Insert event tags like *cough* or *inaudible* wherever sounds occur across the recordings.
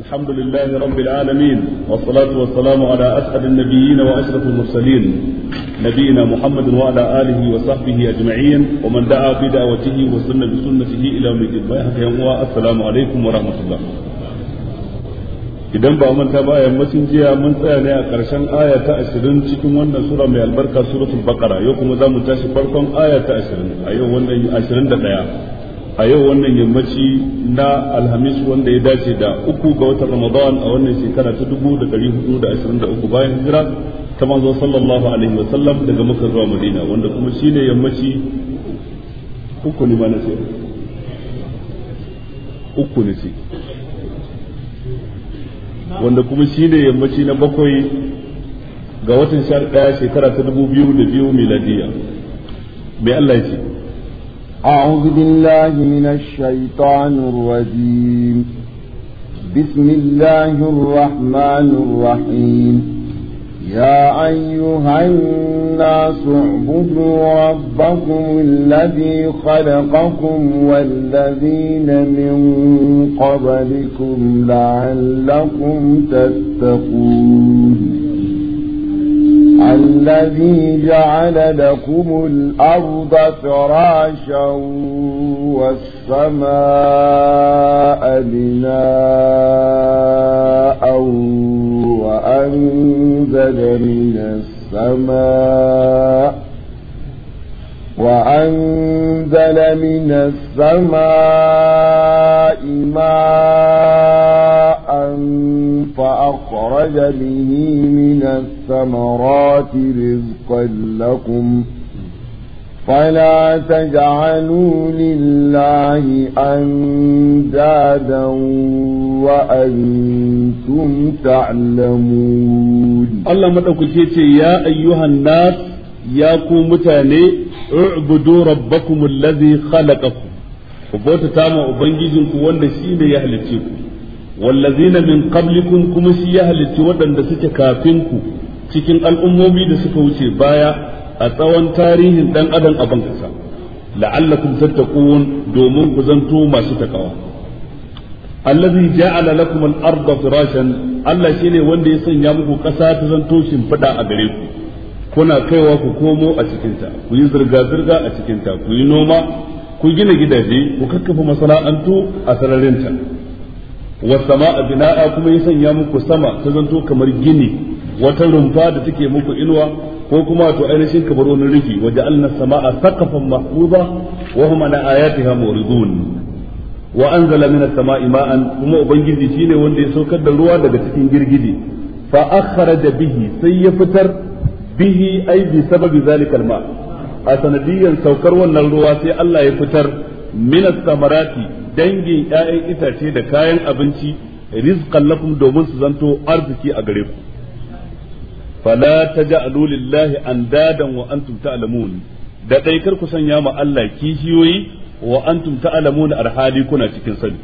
الحمد لله رب العالمين والصلاة والسلام على أسعد النبيين وأشرف المرسلين نبينا محمد وعلى آله وصحبه أجمعين ومن دعا بدعوته وسن بسنته إلى يوم الدين السلام عليكم ورحمة الله idan ba manta ba yammacin jiya mun tsaya ne a ƙarshen aya ta 20 cikin wannan sura mai albarka suratul baqara yau kuma za mu tashi farkon aya ta 20 a yau wannan 21 a yau wannan yammaci na alhamis wanda ya dace da uku ga watan ramadan a wannan shekara ta dubu da dari hudu da ashirin da uku bayan hijira ta manzo sallallahu alaihi wasallam daga makka zuwa madina wanda kuma shine yammaci uku ne ma na uku ne ce wanda kuma shine yammaci na bakwai ga watan sha ɗaya shekara ta dubu biyu da biyu miladiya mai Allah ya ce أعوذ بالله من الشيطان الرجيم بسم الله الرحمن الرحيم يا أيها الناس اعبدوا ربكم الذي خلقكم والذين من قبلكم لعلكم تتقون الذي جعل لكم الأرض فراشا والسماء بناء وأنزل من السماء وأنزل من السماء ماء فأخرج به من السماء الثمرات رزقا لكم فلا تجعلوا لله أندادا وأنتم تعلمون الله مدعوك يا أيها الناس يا كومتاني اعبدوا ربكم الذي خلقكم وبوت تاما أبنجيزنكم والنسين يهلتكم والذين من قبلكم كمسي يهلت ودن دسك كافنكم cikin al'ummomi da suka wuce baya a tsawon tarihin dan adam a bankasa la'allakum tattaqun domin ku zanto masu takawa allazi ja'ala lakum al-ardha firashan Allah shine wanda ya sanya muku kasa ta zanto shimfiɗa a gare ku kuna kaiwa ku komo a cikinta ku yi zirga-zirga a cikinta ku yi noma ku gina gidaje ku kakkafa masana'antu a sararinta wa sama'a bina'a kuma ya sanya muku sama ta zanto kamar gini wata rumfa da take muku inuwa ko kuma to ainihin kamar wani rufi waje alna sama'a saqafan mahfuza wa hum ala ayatiha muridun wa anzala minas sama'i ma'an kuma ubangiji shine wanda ya saukar da ruwa daga cikin girgije fa akhraja bihi sai ya fitar bihi aibi bi sababi zalikal ma a sanadiyan saukar wannan ruwa sai Allah ya fitar minas samarati dangin 'ya'yan itace da kayan abinci rizqan lakum domin su zanto arziki a gare ku fala تجعلوا لله andadan wa تعلمون da dai kar ku sanya ma Allah kishiyoyi wa antum ta'lamun arhali kuna cikin sani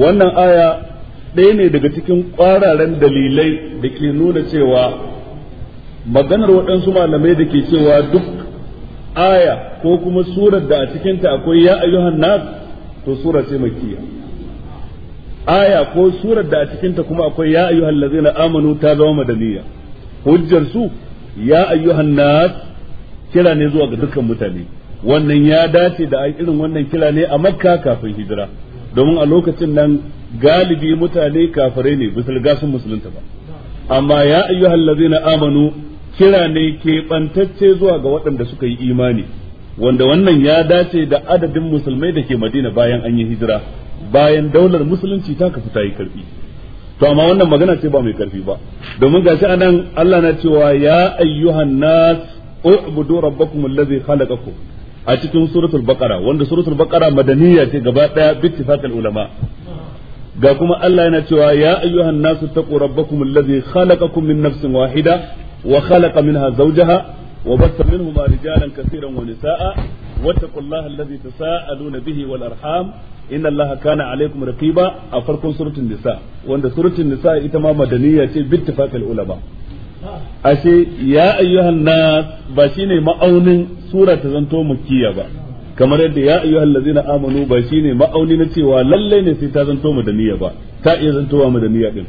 wannan aya ɗaya ne daga cikin ƙwararen dalilai da ke nuna cewa maganar waɗansu malamai da ke cewa duk aya ko kuma surar da a cikinta akwai ya ayyuhan nas to sura ce makiyya aya ko surar da a cikinta kuma akwai ya ayyuhal ladzina amanu ta zama madaniya hujjar su ya ayyuhan nas kira ne zuwa ga dukkan mutane wannan ya dace da irin wannan kira ne a makka kafin hijira domin a lokacin nan galibi mutane kafirai ne bisa gasu sun musulunta ba amma ya ayyuhal ladzina amanu kira ne ke zuwa ga waɗanda suka yi imani wanda wannan ya dace da adadin musulmai da ke madina bayan an yi hijira bayan daular musulunci ta kafu ta yi karfi to amma wannan magana ce ba mai karfi ba domin gashi anan Allah na cewa ya ayyuhan nas ubudu rabbakum allazi khalaqakum a cikin suratul baqara wanda suratul baqara madaniya ce gaba daya bittifaqal ulama ga kuma Allah yana cewa ya ayyuhan nas taqu rabbakum allazi khalaqakum min nafsin wahida wa khalaqa minha zawjaha وبث منهما رجالا كثيرا ونساء واتقوا الله الذي تساءلون به والارحام ان الله كان عليكم رقيبا افركم سوره النساء وان سوره النساء ita ma madaniya ce bittifaqil ulama ashe ya ayyuhan nas ba shine ma'aunin sura ta zanto makkiya kamar yadda ya ayyuhal ladzina amanu ba shine ma'auni na cewa lallai ne sai ta zanto madaniya ba ta iya zantowa madaniya ɗin.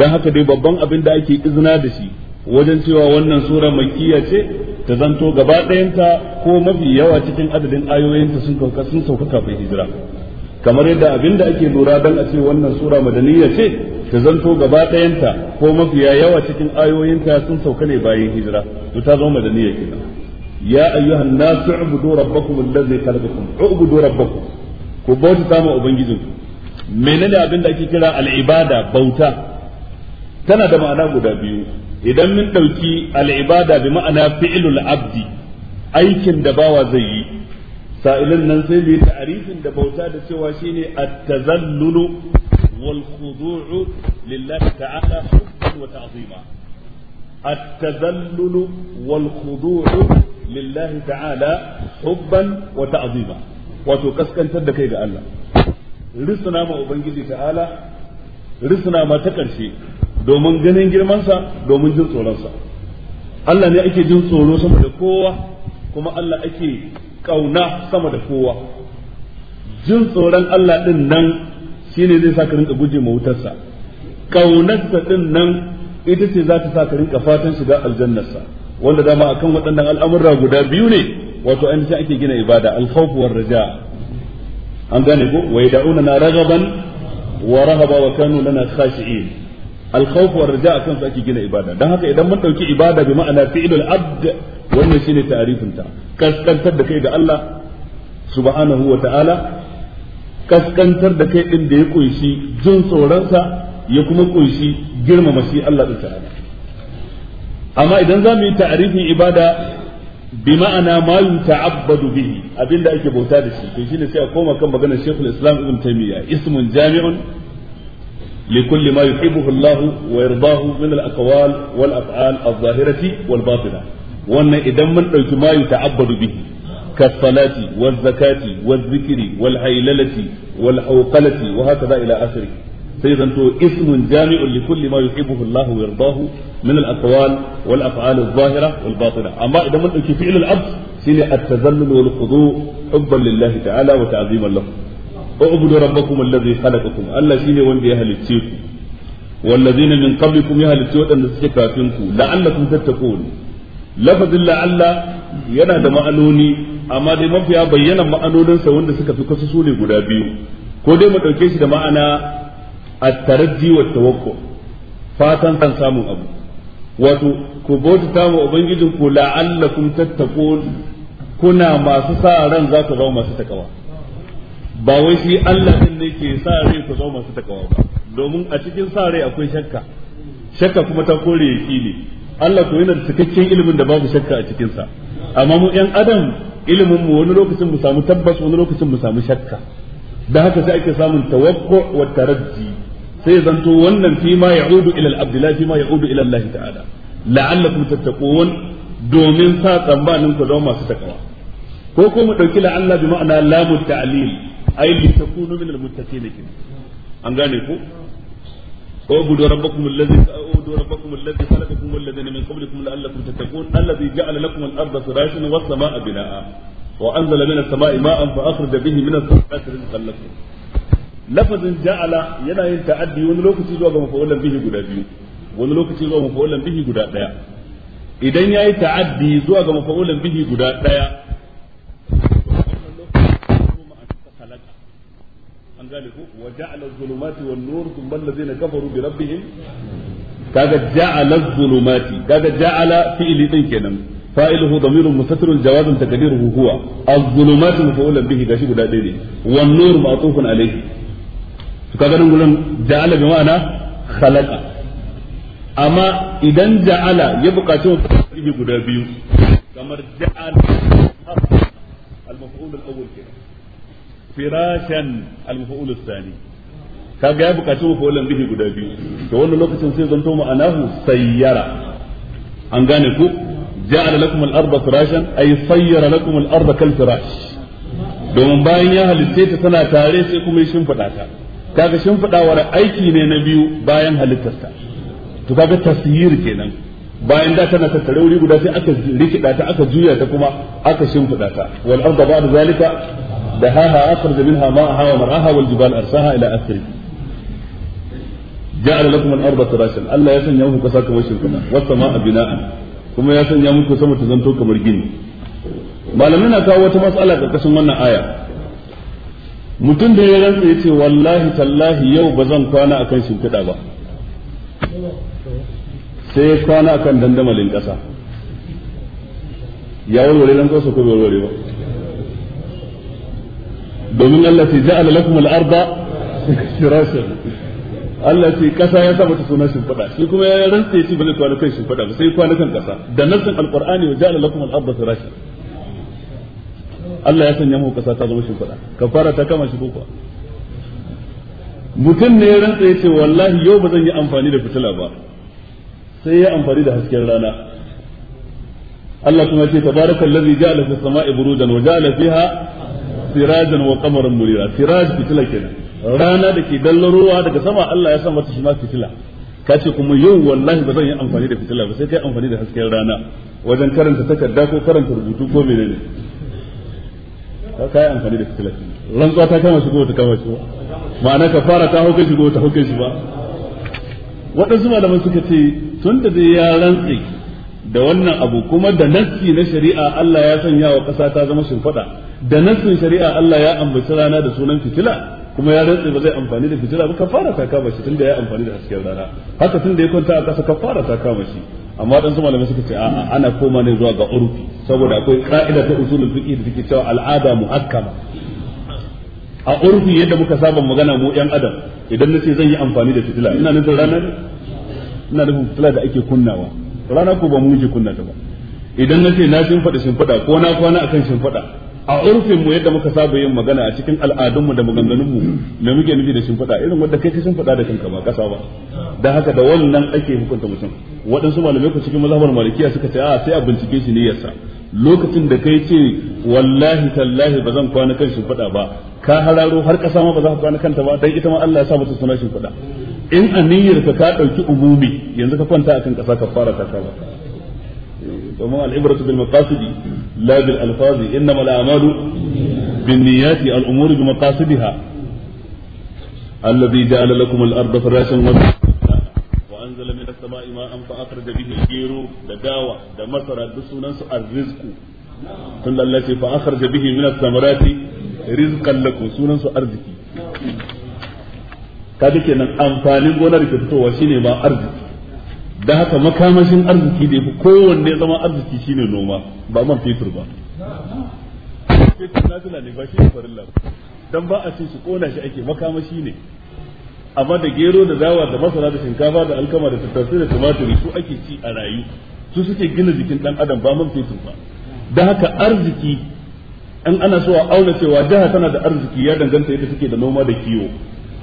dan haka dai babban abin da ake izina da shi wajen cewa wannan sura makiyya ce ta zanto gaba ɗayanta ko mafi yawa cikin adadin ayoyinta sun sauka sun sauka kafin hijira kamar yadda abin da ake lura don a ce wannan sura madaniya ce ta zanto gaba ɗayanta ko mafi yawa cikin ayoyinta sun sauka ne bayan hijira to ta zama madaniya kenan ya ayyuhan nasu ubudu rabbakum allazi khalaqakum ubudu rabbakum ku bauta ma ubangijin menene abin da ake kira al-ibada bauta tana da ma'ana guda biyu idan mun ɗauki al'ibada bi ma'ana fi'ilul abdi aikin da bawa zai yi sa'ilin nan sai mai ta'arifin da bauta da cewa shine at-tazallulu wal khudu'u lillahi ta'ala hubban wa ta'zima at-tazallulu wal khudu'u lillahi ta'ala hubban wa ta'zima wato kaskantar da kai ga Allah risna ma ubangiji ta'ala risna ma ta karshe domin ganin girmansa domin jin tsoronsa Allah ne ake jin tsoro sama da kowa kuma Allah ake kauna sama da kowa jin tsoron Allah din nan shine zai sa ka rinka guje ma wutarsa kaunarsa din nan ita ce za ta sa ka rinka fatan shiga aljannarsa wanda dama akan waɗannan al'amurra guda biyu ne wato ainihin ake gina ibada al-khawf war raja an gane ko wa yad'una na ragaban wa rahaba wa kanu lana khashi'in al-khawf wa akan su ake gina ibada dan haka idan mun dauki ibada bi ma'ana fi'lul abd wannan shine ta'rifin ta kaskantar da kai ga Allah subhanahu wa ta'ala kaskantar da kai din da ya kunshi jin tsoronsa ya kuma kunshi girmama shi Allah ta'ala amma idan za mu yi ta'rifin ibada bi ma'ana ma yuta'abbadu bihi abinda ake bauta da shi to shine sai a koma kan maganar Sheikhul Islam Ibn Taymiyyah ismun jami'un لكل ما يحبه الله ويرضاه من الأقوال والأفعال الظاهرة والباطنة وأن إذا من ما يتعبد به كالصلاة والزكاة والذكر والعيللة والحوقلة وهكذا إلى آخره سيدنا اسم جامع لكل ما يحبه الله ويرضاه من الأقوال والأفعال الظاهرة والباطنة أما إذا من فعل العبد سنة التذلل والخضوع حبا لله تعالى وتعظيما له ubudu rabbakum allazi khalaqakum Allah shine wanda ya halicce ku wallazina min qablikum ya halicce wadanda suke kafin ku la'allakum tattaqun lafazin la'alla yana da ma'anoni amma dai mafiya bayyana ma'anoninsa wanda suka fi kasu sune guda biyu ko dai mu ɗauke shi da ma'ana at wa fatan abu wato ku bauta wa ubangijinku la'allakum tattaqun kuna masu sa ran za ku zama masu takawa ba wai shi Allah din ne ke sa rai ku zama masu takawa ba domin a cikin sa rai akwai shakka shakka kuma ta kore ne. Allah ko yana da cikakken ilimin da babu shakka a cikin sa amma mu yan adam ilimin mu wani lokacin mu samu tabbas wani lokacin mu samu shakka da haka sai ake samun tawakku wa taraji sai zanto wannan fi ma ya'udu ila al-abd fi ma ya'udu ila Allah ta'ala la'allakum tattaqun domin sa tsambanin ku zama masu takawa ko ko mu dauki la'alla bi ma'ana lamu ta'lil ai li kunu min al-muttaqin kin an gane ko اعبدوا ربكم الذي اعبدوا ربكم wani lokaci zuwa ga mafa'ulan bihi guda biyu wani lokaci zuwa mafa'ulan bihi guda daya idan yayi ta'addi zuwa ga mafa'ulan bihi guda daya gane ko wa ja'ala zulumati wan nur thumma allazina kafaru bi ja'ala zulumati kaga kenan fa'iluhu damirun mustatirun jawazun guda ɗaya ne wan nur ma'tufun alayhi to kaga nan gurin ja'ala bi ma'ana amma idan ja'ala ya buƙaci wata guda biyu kamar ja'ala firashan al-maf'ul ath kaga ya bukaci mafa'ulan bihi guda biyu to wannan lokacin sai zanto ma'anahu sayyara an gane ku ja'ala lakum al-ardha firashan ay sayyara lakum al-ardha kal firash domin bayan ya halitta ta tana tare sai kuma ya shimfida ta kaga shimfidawar aiki ne na biyu bayan halittarta to kaga tasyir kenan bayan da tana tattare wuri guda sai aka rikida ta aka juya ta kuma aka shimfida ta wal arda ba'da zalika دهاها أخرج منها ماءها ومرعاها والجبال أرساها إلى آخره جعل لكم الأرض فراشا ألا يسن يوم كسا كما والسماء بناء كما يسن يوم كسا تزنتو كمرجين ما لم نكا وتمسألة كسم من آية mutum da ya rantsa ya ce wallahi tallahi yau ba zan kwana akan shimfiɗa ba sai ya kwana akan dandamalin ƙasa ya warware nan ko ko bai warware ba domin Allah sai ja'ala lakum al-arda firashan Allah sai kasa ya sa mata suna shimfiɗa shi kuma ya rantse shi ba zai kwana kai shimfiɗa ba sai kwana kan kasa da nassin alqur'ani wa ja'ala lakum al-arda firashan Allah ya sanya muku kasa ta zama shimfiɗa kafara ta kama shi kuwa mutum ne ya rantsa ya ce wallahi yau ba zan yi amfani da fitila ba sai ya amfani da hasken rana Allah kuma ce tabarakal ladzi ja'ala fis sama'i burujan wa ja'ala fiha sirajan wa qamaran munira siraj fitila kenan rana da ke dallarowa daga sama Allah ya san wata shi ma fitila ka ce kuma yau wallahi ba zan yi amfani da fitila ba sai kai amfani da hasken rana wajen karanta takarda ko karanta rubutu ko menene ka kai amfani da fitila rantsuwa ta kama shi ko ta kama shi ma'ana ka fara ta hauke shi ko ta hauke shi ba waɗansu malaman suka ce tun da dai ya rantse da wannan abu kuma da nassi na shari'a Allah ya sanya wa ƙasa ta zama shimfiɗa da nassin shari'a Allah ya ambaci rana da sunan fitila kuma ya rantsi ba zai amfani da fitila ba kafara ta kama shi tunda ya amfani da hasken rana haka tunda ya kwanta a kasa kafara ta kama shi amma dan su malamai suka ce a'a ana koma ne zuwa ga urfi saboda akwai ka'ida ta usulul fiqh da take cewa al'ada muhakkama a urfi yadda muka saba magana mu yan adam idan nace zan yi amfani da fitila ina nufin rana ne ina nufin fitila da ake kunnawa rana ko ba mu je kunna ta ba idan nace na shin fada shin fada ko na kwana akan shin fada a urfin mu yadda muka saba yin magana a cikin al'adun mu da maganganun mu da muke nufi da fada irin wanda kai ka fada da kanka ba kasa ba da haka da wannan ake hukunta mutum waɗansu malamai ku cikin mazhabar malikiya suka ce a sai a bincike shi sa lokacin da kai ce wallahi tallahi ba zan kwana kan fada ba ka hararo har kasa ma ba za ka kwana kanta ba dan ita ma Allah ya sa sunan suna fada in aniyar ka ka dauki umumi yanzu ka kwanta akan kasa ka fara ta ba domin al'ibratu bil maqasidi لا بالألفاظ إنما الأعمال بالنيات الأمور بمقاصدها الذي جعل لكم الأرض فراشا وأنزل من السماء ماء فأخرج به الجير دداوة دمسر دسونا الرزق ثم التي فأخرج به من الثمرات رزقا لكم سونا أرزقي kaga kenan amfanin gonar da fitowa shine ma arziki da haka makamashin arziki da ya fi kowanne zama arziki shine noma ba man fetur ba fetur ne ba shi ne farilla dan ba a shi kona ake makamashi ne amma da gero da dawa da masara da shinkafa da alkama da tattasai da tumatur su ake ci a rayu su suke gina jikin dan adam ba man fetur ba da haka arziki in ana so a auna cewa jiha tana da arziki ya danganta yadda take da noma da kiwo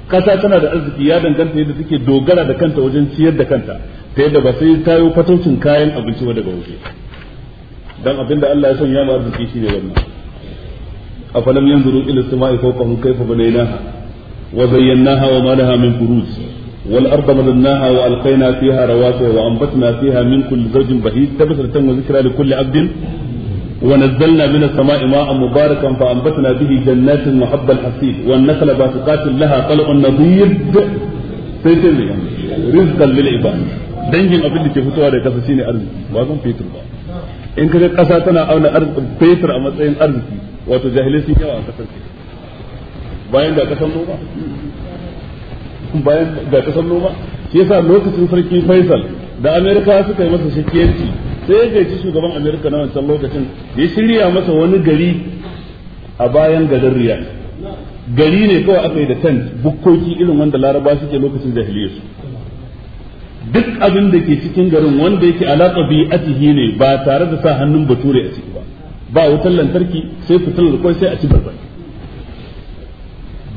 kasa tana da arziki ya danganta yadda take dogara da kanta wajen ciyar da kanta ta yadda ba sai ta yi fataucin kayan abinci ba daga waje dan abinda Allah ya sanya mu arziki shine wannan a afalam yanzuru ila samai fawqahum kayfa banaynaha wa zayyanaha wa ma laha min furuj wal arda madannaha wa alqayna fiha rawasiya wa anbatna fiha min kulli zawjin bahij tabassatan wa zikra li kulli abdin ونزلنا من السماء ماء مباركا فأنبتنا به جنات وحب الحصيد والنخل باسقات لها طلع نضيد رزقا للعباد dangin abin da ke fitowa da kasa shine arziki ba zan fetur ba in kaga kasa tana auna fetur a matsayin arziki wato jahilai sun yawa a kasar ke bayan ga kasan noma bayan ga kasan noma shi yasa lokacin sarki Faisal da Amerika suka yi masa shakiyanci sai ya ci shugaban Amerika na wancan lokacin ya shirya masa wani gari a bayan gadar Riyadh gari ne kawai aka yi da tent bukkoki irin wanda laraba suke lokacin jahiliyarsu duk abin da ke cikin garin wanda yake alaƙa bi atihi ne ba tare da sa hannun bature a ciki ba ba wutar lantarki sai fitilar kwai sai a ci barbar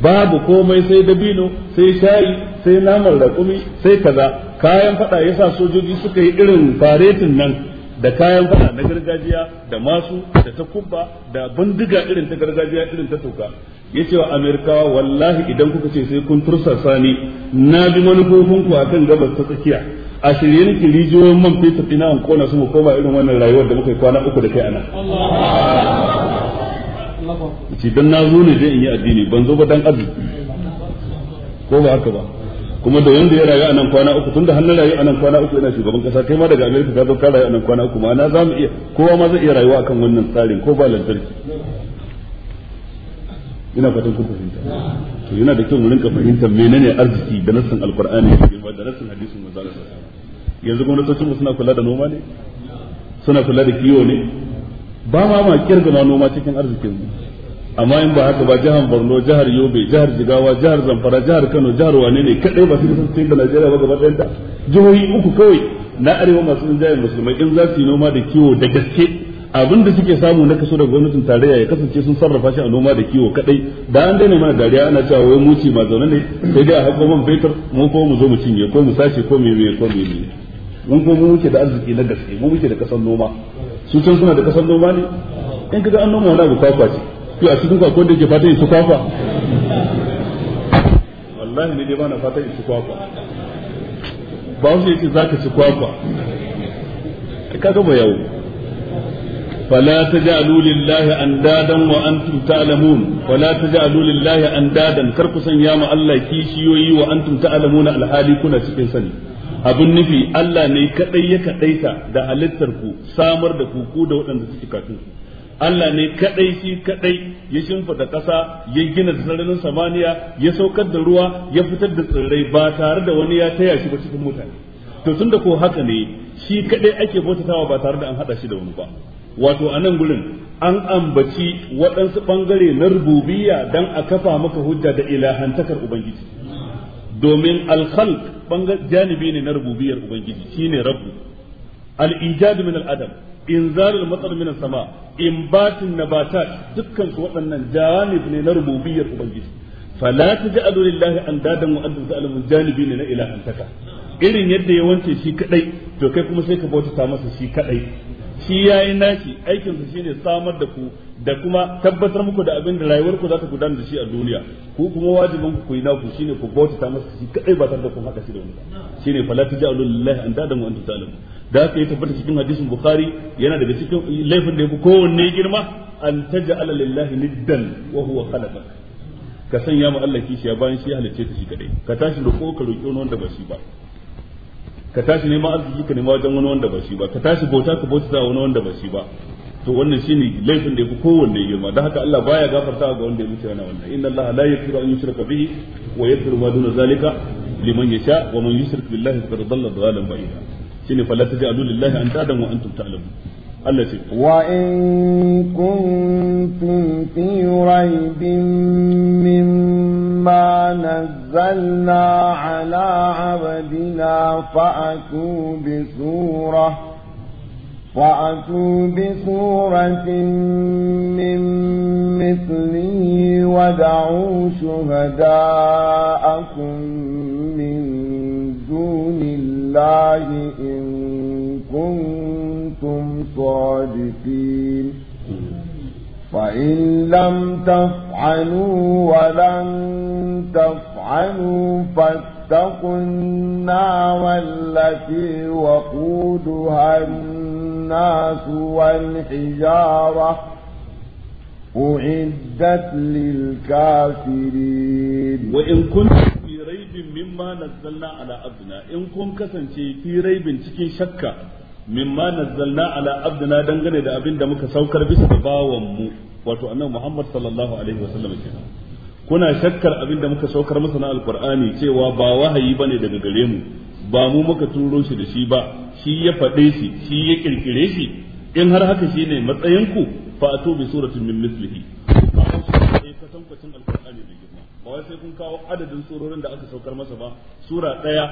babu komai sai dabino sai shayi sai naman raƙumi sai kaza kayan fada yasa sojoji suka yi irin faretin nan da kayan fada na gargajiya da masu da ta kubba da bindiga irin ta gargajiya irin ta toka ya ce wa amerikawa wallahi idan kuka ce sai kun tursasa ni na bi manufofin ku a kan gabas ta tsakiya a shirye nake rijiyoyin man fetur ina an kona su mu koma irin wannan rayuwar da muka yi kwana uku da kai ana ce don na zo ne zai in yi addini ban zo ba dan arziki ko ba haka ba kuma da wanda ya rayu a nan kwana uku da hannun rayu a nan kwana uku ina shugaban kasa kai ma daga amerika ka zo ka rayu a nan kwana uku na za mu iya kowa ma zai iya rayuwa akan wannan tsarin ko ba lantarki ina fatan kun fahimta to yana da kyau mu rinka fahimta menene arziki da nassan alqur'ani da nassan hadisin manzo Allah yanzu gwamnatocin mu suna kula da noma ne suna kula da kiwo ne ba ma ma kirga ma noma cikin arzikin mu amma in ba haka ba jihar Borno jihar Yobe jihar Jigawa jihar Zamfara jihar Kano jihar wane ne kadai ba su san cikin da Najeriya ba gaba ɗayan ta jihohi uku kawai na arewa masu jihar musulmai in za su yi noma da kiwo da gaske abin da suke samu na kaso da gwamnatin tarayya ya kasance sun sarrafa shi a noma da kiwo kadai da an daina mana dariya ana cewa wai muci ma zaune ne sai dai a hako man fetur mun ko mu zo mu cinye ko mu sace ko meme ko meme mun ko mu muke da arziki na gaske mu muke da kasan noma su can suna da kasan noma ne in kaga an noma wani abu kwakwa ce to a cikin kwakwa da ke fata su kwakwa wallahi ne dai ba na fata su kwakwa ba wuce yake zaka ci kwakwa kaga ba yawo فلا تجعلوا لله اندادا وانتم تعلمون ولا تجعلوا لله اندادا كركو سنيا ما الله كيشيوي وانتم تعلمون الحالي كنا cikin sani abin nufi Allah ne kadai ya kadaita da halittar ku samar da kuku da waɗanda suke kafin Allah ne kadai shi kadai ya shimfida ƙasa ya gina sararin samaniya ya saukar da ruwa ya fitar da tsirrai ba tare da wani ya taya shi ba cikin mutane to tunda ko haka ne shi kadai ake bautatawa ba tare da an hada shi da wani ba wato a nan gurin an ambaci waɗansu ɓangare na rububiya don a kafa maka hujja da ilahantakar ubangiji domin alkhalq janibi ne na rububiyar ubangiji shine rabbu al-ijad min al-adam inzal al-matar min as-sama inbatun nabatat dukkan su waɗannan janib ne na rububiyar ubangiji fala taj'alu lillahi andadan wa antum ta'lamun janibi ne na ilahantaka irin yadda ya wance shi kadai to kai kuma sai ka bauta masa shi kadai shi yayi nashi aikin sa shine samar da ku da kuma tabbatar muku da abin da rayuwar ku za ta gudana da shi a duniya ku kuma wajibin ku yi naku shine ku bauta masa shi kadai ba tare da kun haka shi da wani ba shine fala taj'alu lillahi andadan wa antum ta'lamun da haka yi tabbata cikin hadisin bukhari yana daga cikin laifin da yake kowanne girma an taj'ala lillahi niddan wa huwa khalaqak ka sanya mu Allah kishi ya bayan shi halicce ta shi kadai ka tashi roƙo ka roƙi wanda ba shi ba ka tashi neman arziki ka nema wajen wani wanda ba shi ba ka tashi bauta ka bauta wani wanda ba shi ba to wannan shine laifin da yafi kowanne girma dan haka Allah baya gafarta ga wanda ya mutu yana wannan inna Allah la yaghfiru an yushraka bihi wa yaghfiru ma duna zalika liman yasha wa man yushrik billahi faqad dhalla dhalalan ba'ida shine fala taj'alu lillahi an tadan wa antum ta'lamun التي وإن كنتم في ريب مما نزلنا على عبدنا فأتوا بسورة فأتوا بسورة من مثله ودعوا شهداءكم من دون الله إن كنتم كنتم صادقين فإن لم تفعلوا ولن تفعلوا فاتقوا النار التي وقودها الناس والحجارة أعدت للكافرين وإن كنتم في ريب مما نزلنا على عبدنا إن كنتم كسنتي في ريب تكي شكا mimma nazzalna ala abdina dangane da abin da muka saukar bisa da bawan mu wato annabi Muhammad sallallahu alaihi wasallam kenan kuna shakkar abin da muka saukar masa na alqur'ani cewa ba wahayi bane daga gare mu ba mu muka turo shi da shi ba shi ya faɗe shi shi ya kirkire shi in har haka shine matsayin ku fa atu bi suratin min mislihi kwatankwacin alqur'ani da girma ba wai sai kun kawo adadin surorin da aka saukar masa ba sura ɗaya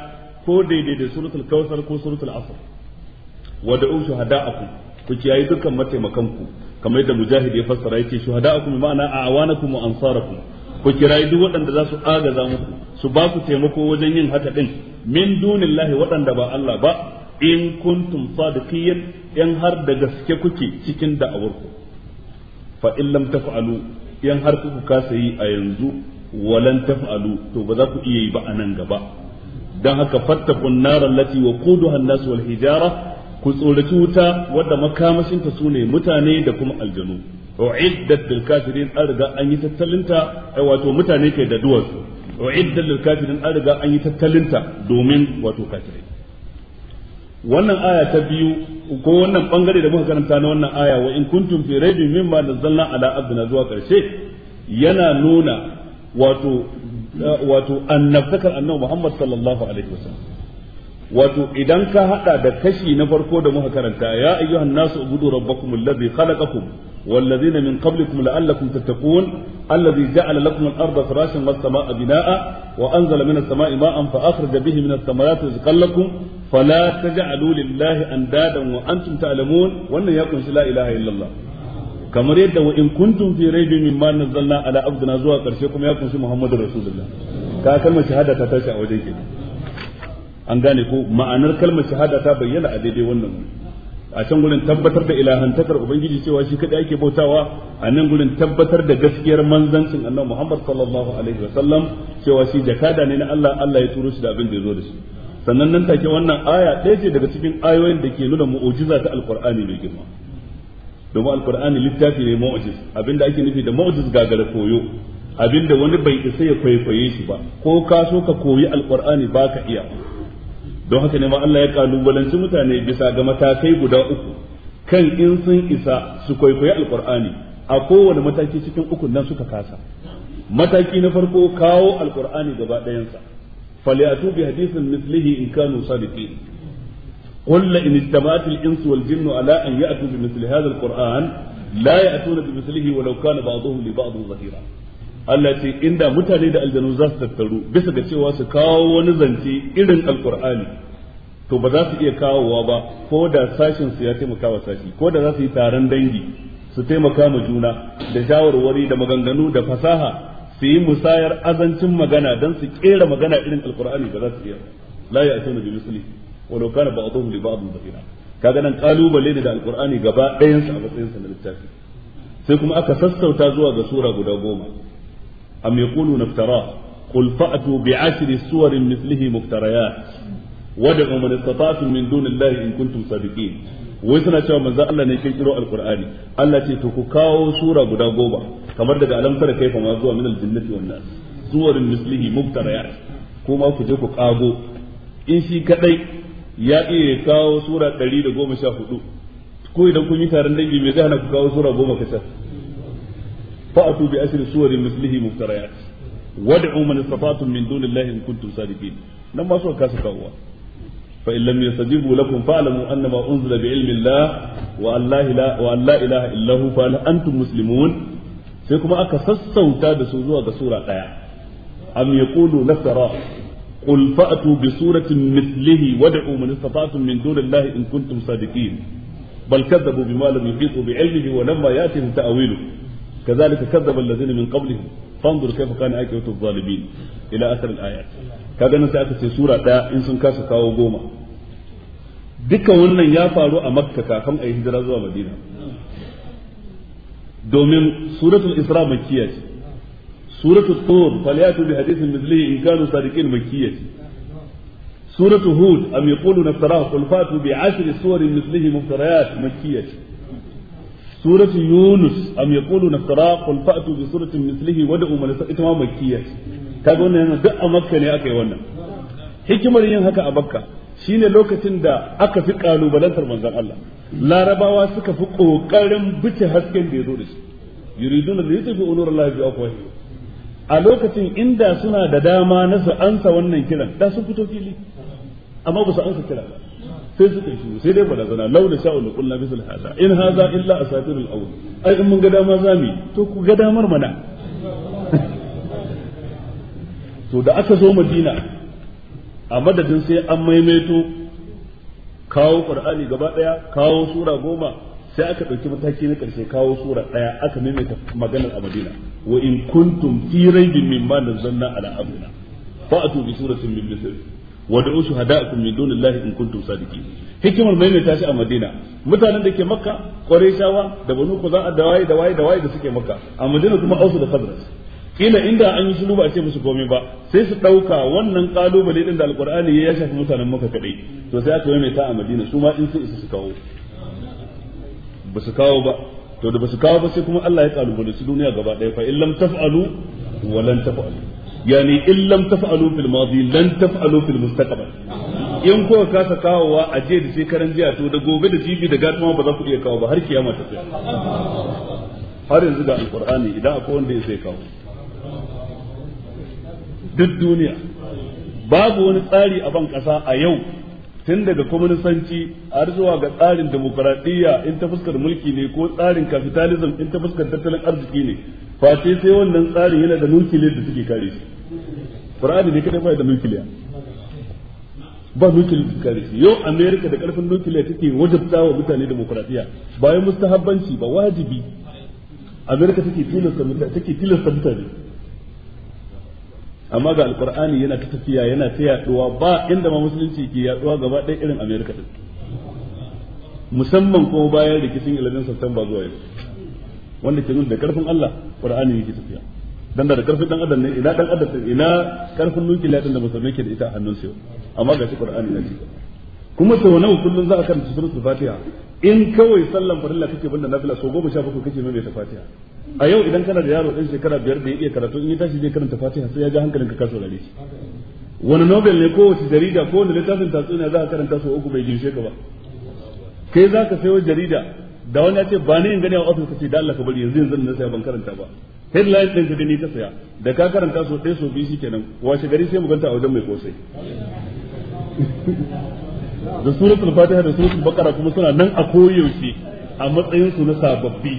ko daidai da suratul kawsar ko suratul asr wa da'u shuhada'akum ku kiyaye dukkan mataimakan ku kamar yadda mujahid ya fassara yace shuhada'akum ma'ana a'wanakum wa ansarakum ku kirayi duk waɗanda za su agaza muku su ba ku taimako wajen yin haka din min dunillahi waɗanda ba Allah ba in kuntum sadiqin in har da gaske kuke cikin ku. fa in lam taf'alu in har kuka kasa yi a yanzu walan taf'alu to ba za ku iya yi ba a nan gaba dan haka fatta nar allati waquduha an-nas wal hijara ku tsoraci wuta wadda makamashinta su ne mutane da kuma aljanu uiddat lil kafirin an riga an yi tattalinta ai wato mutane ke da duwarsu uiddat lil kafirin an riga an yi tattalinta domin wato kafirai wannan aya ta biyu ko wannan bangare da muka karanta na wannan aya wa in kuntum fi raibin mimma nazzalna ala abdina zuwa karshe yana nuna wato wato annabtakar annabi Muhammad sallallahu alaihi wasallam wato idan ka hada da kashi na farko da muka karanta ya ayyuhan nasu ubudu rabbakum alladhi khalaqakum والذين من قبلكم لعلكم تتقون الذي جعل لكم الارض فراشا والسماء بناء وانزل من السماء ماء فاخرج به من الثمرات رزقا لكم فلا تجعلوا لله اندادا وانتم تعلمون Wannan ya لا la ilaha illallah kamar yadda wa in kuntum fi raibin mimma nazzalna ala abdina zuwa karshe kuma ya kunshi muhammadu rasulullah ka kalmar shahada ta tashi a wajen kenan an gane ko ma'anar kalmar shahada ta bayyana a daidai wannan wuri a can gurin tabbatar da ilahantakar ubangiji cewa shi kadai ake bautawa a nan gurin tabbatar da gaskiyar manzancin annabi Muhammad sallallahu alaihi wasallam cewa shi jakada ne na Allah Allah ya turo shi da abin da ya zo da shi sannan nan take wannan aya ɗaya ce daga cikin ayoyin da ke nuna mu'ujiza ta alqur'ani mai girma domin alqur'ani littafi ne mu'jiz abinda ake nufi da mu'jiz gagara koyo abinda wani bai isa ya kwaikwaye shi ba ko ka so ka koyi alqur'ani ba ka iya don haka ne ma Allah ya kalubalanci mutane bisa ga matakai guda uku kan in sun isa su kwaikwayi alkur'ani a kowane mataki cikin ukun nan suka kasa mataki na farko kawo Alƙur'ani gaba ɗayansa falyatu bi hadisin mislihi in kanu sadiqin قل إن اجتمعت الإنس والجن على أن يأتوا بمثل هذا القرآن لا يأتون بمثله ولو كان بعضهم لبعض zahira? Allah ce inda mutane da aljanu za su tattaru bisa ga cewa su kawo wani zance irin alkur'ani to ba za su iya kawowa ba ko da sashin su ya taimaka wa sashi ko da za su yi taron dangi su taimaka ma juna da shawarwari da maganganu da fasaha su yi musayar azancin magana don su kera magana irin alkur'ani ba za su iya la ya atuna bi misli walau kana ba'dhum li ba'd dhahira kaga nan kalubale ne da alkur'ani gaba ɗayansa a matsayinsa na littafi sai kuma aka sassauta zuwa ga sura guda goma am yaquluna iftara qul fa'tu bi ashri suwarin mithlihi muftariyat wad'u man istata'tum min dunillahi in kuntum sadiqin wai suna cewa manza Allah ne kirkiro alqur'ani Allah ce to ku kawo sura guda goma kamar daga alam tara kaifa zuwa min aljinnati wan suwarin mislihi mubtariyat kuma ku je ku kago in shi kadai ya iya kawo sura 114 ko idan kun yi taron dangi me zai hana ku kawo sura goma kacal فأتوا بأسر سور مثله مفتريات وادعوا من استطعتم من دون الله إن كنتم صادقين لما سوى كاسك هو فإن لم يستجيبوا لكم فاعلموا أنما أنزل بعلم الله وأن لا إله, وأن لا إله إلا هو فهل أنتم مسلمون سيكم أكا تاد سوزوا بسورة قيا أم يقولوا راه قل فأتوا بسورة مثله وادعوا من استطعتم من دون الله إن كنتم صادقين بل كذبوا بما لم يحيطوا بعلمه ولما يأتهم تأويله كذلك كذب الذين من قبلهم فانظر كيف كان عاقبة الظالمين إلى آخر الآيات kaga nan sai aka ce sura ɗaya in sun kasa kawo goma dukkan wannan ya faru a makka kafin a yi hijira zuwa madina domin suratul isra makkiya ce suratul tur falyatu bi hadithin mithlihi in kanu sadiqin makkiya ce suratul hud am yaquluna tarahu qul fatu bi ashri suwarin mithlihi muftariyat makkiya ce سورة يونس أم naftara افتراء قل فأتوا بسورة مثله ودعوا من استطاعتم مكية kaga wannan yana duk a makka ne aka yi wannan hikimar yin haka a makka shine lokacin da aka fi kalubalantar manzon Allah larabawa suka fi ƙoƙarin bice hasken da ya zo da shi yuriduna da yutsu bi a lokacin inda suna da dama na su ansa wannan kiran da sun fito fili amma ba su ansa kiran sai suka shigo sai dai barazana law da sha'ul la qulna bisul hada in haza illa a asatirul awwal ai in mun ga dama zami to ku ga damar mana *laughs* to da aka zo madina a madadin sai an maimaito kawo qur'ani gaba daya kawo sura goma sai aka ɗauki mataki na ƙarshe kawo sura ɗaya aka maimaita maganar a madina wa in kuntum fi raibin mimma nazzalna ala abdina fa'atu bi suratin min mithl wa da'u shuhada'akum min dunillahi in kuntum sadiqin hikimar ta shi a Madina mutanen da ke Makka Qurayshawa da Banu Quza'a da waye da waye da waye da suke Makka a Madina kuma Ausu da Khazraj kila inda an yi shiru ba a ce musu komai ba sai su ɗauka wannan kalubale din da alkur'ani ya shafi mutanen maka kaɗai to sai aka maimaita a madina su in sun isa su ba su kawo ba to da ba su kawo ba sai kuma Allah ya kalubale su duniya gaba ɗaya in yani in lam taf'alu fil madi lan taf'alu fil mustaqbal in ko ka kasa kawowa a je da shekaran jiya to da gobe da jibi da gatuma ba za ku iya kawo ba har kiyama ta tsaya har yanzu ga alqur'ani idan akwai wanda ya sai kawo duk duniya babu wani tsari a ban kasa a yau tun daga kwaminisanci har zuwa ga tsarin demokuraɗiyya in ta fuskar mulki ne ko tsarin capitalism in ta fuskar tattalin arziki ne face sai wannan tsarin yana da nukiliyar da suke kare shi Qur'ani ne kadai ba da nukiliya ba nukiliya da kare shi yau Amerika da karfin nukiliya take wajabta wa mutane demokuraɗiyya bayan mustahabbanci ba wajibi Amerika take tilasta mutane amma ga alkur'ani yana ta tafiya yana ta yaduwa ba inda ma musulunci ke yaduwa gaba ɗaya irin america din musamman kuma bayan rikicin 11 Satumba zuwa yau wanda ke nuna da karfin Allah qur'ani yake tafiya dan da karfin dan adam ne ina dan adam ina karfin nukiliya din da musulmai ke da ita a hannun su amma ga shi qur'ani na tafiya. kuma sau nawa kullum za a karanta suratul fatiha in kawai sallan farilla kake banda nafila sau goma sha bakwai kake mai ta fatiha a yau idan kana da yaro ɗan shekara biyar da ya iya karatu in ya tashi zai karanta fatiha sai ya ja hankalin ka kaso gare shi wani nobel ne ko wace jarida ko wani littafin tatsuniya za a karanta sau uku bai girshe ka ba kai za ka sayo jarida da wani ya ce ba ni in gani a ofis ka ce da Allah ka bari yanzu yanzu na saya ban karanta ba headline ɗin ka gani ka saya da ka karanta sau ɗaya sau biyu shikenan washe gari sai mu ganta a wajen mai kosai da suratul fatiha da suratul baqara kuma suna nan a koyaushe a matsayin su na sababbi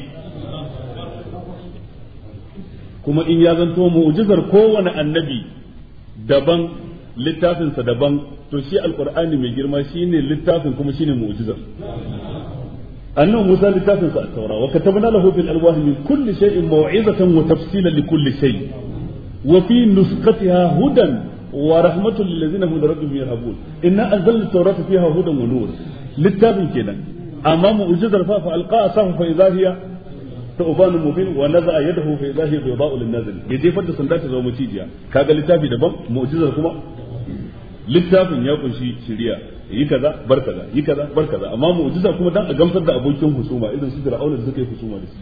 kuma in ya zanto mu'jizar kowane annabi daban littafinsa daban to shi alqur'ani mai girma shine littafin kuma shine mu'jizar annabi Musa littafinsa at-taura wa katabna lahu fil alwah min kulli shay'in maw'izatan wa tafsilan li kulli shay wa fi nusqatiha hudan wa rahmatul lil ladzina hum rabbihim yarhabun inna anzalna tawrata fiha hudan wa nur littafin kenan amma mu'jizar fa fa alqa safa fa idha hiya ta'ban mubin wa naza'a yadahu fa idha hiya bayda'u lin nazil ya jefar da sanda ta zama macijiya kaga littafi daban mu'jizar kuma littafin ya kunshi shiriya yi kaza bar kaza yi kaza bar kaza amma mu'jiza kuma dan a gamsar da abokin husuma idan su fir'auna da suka yi husuma da su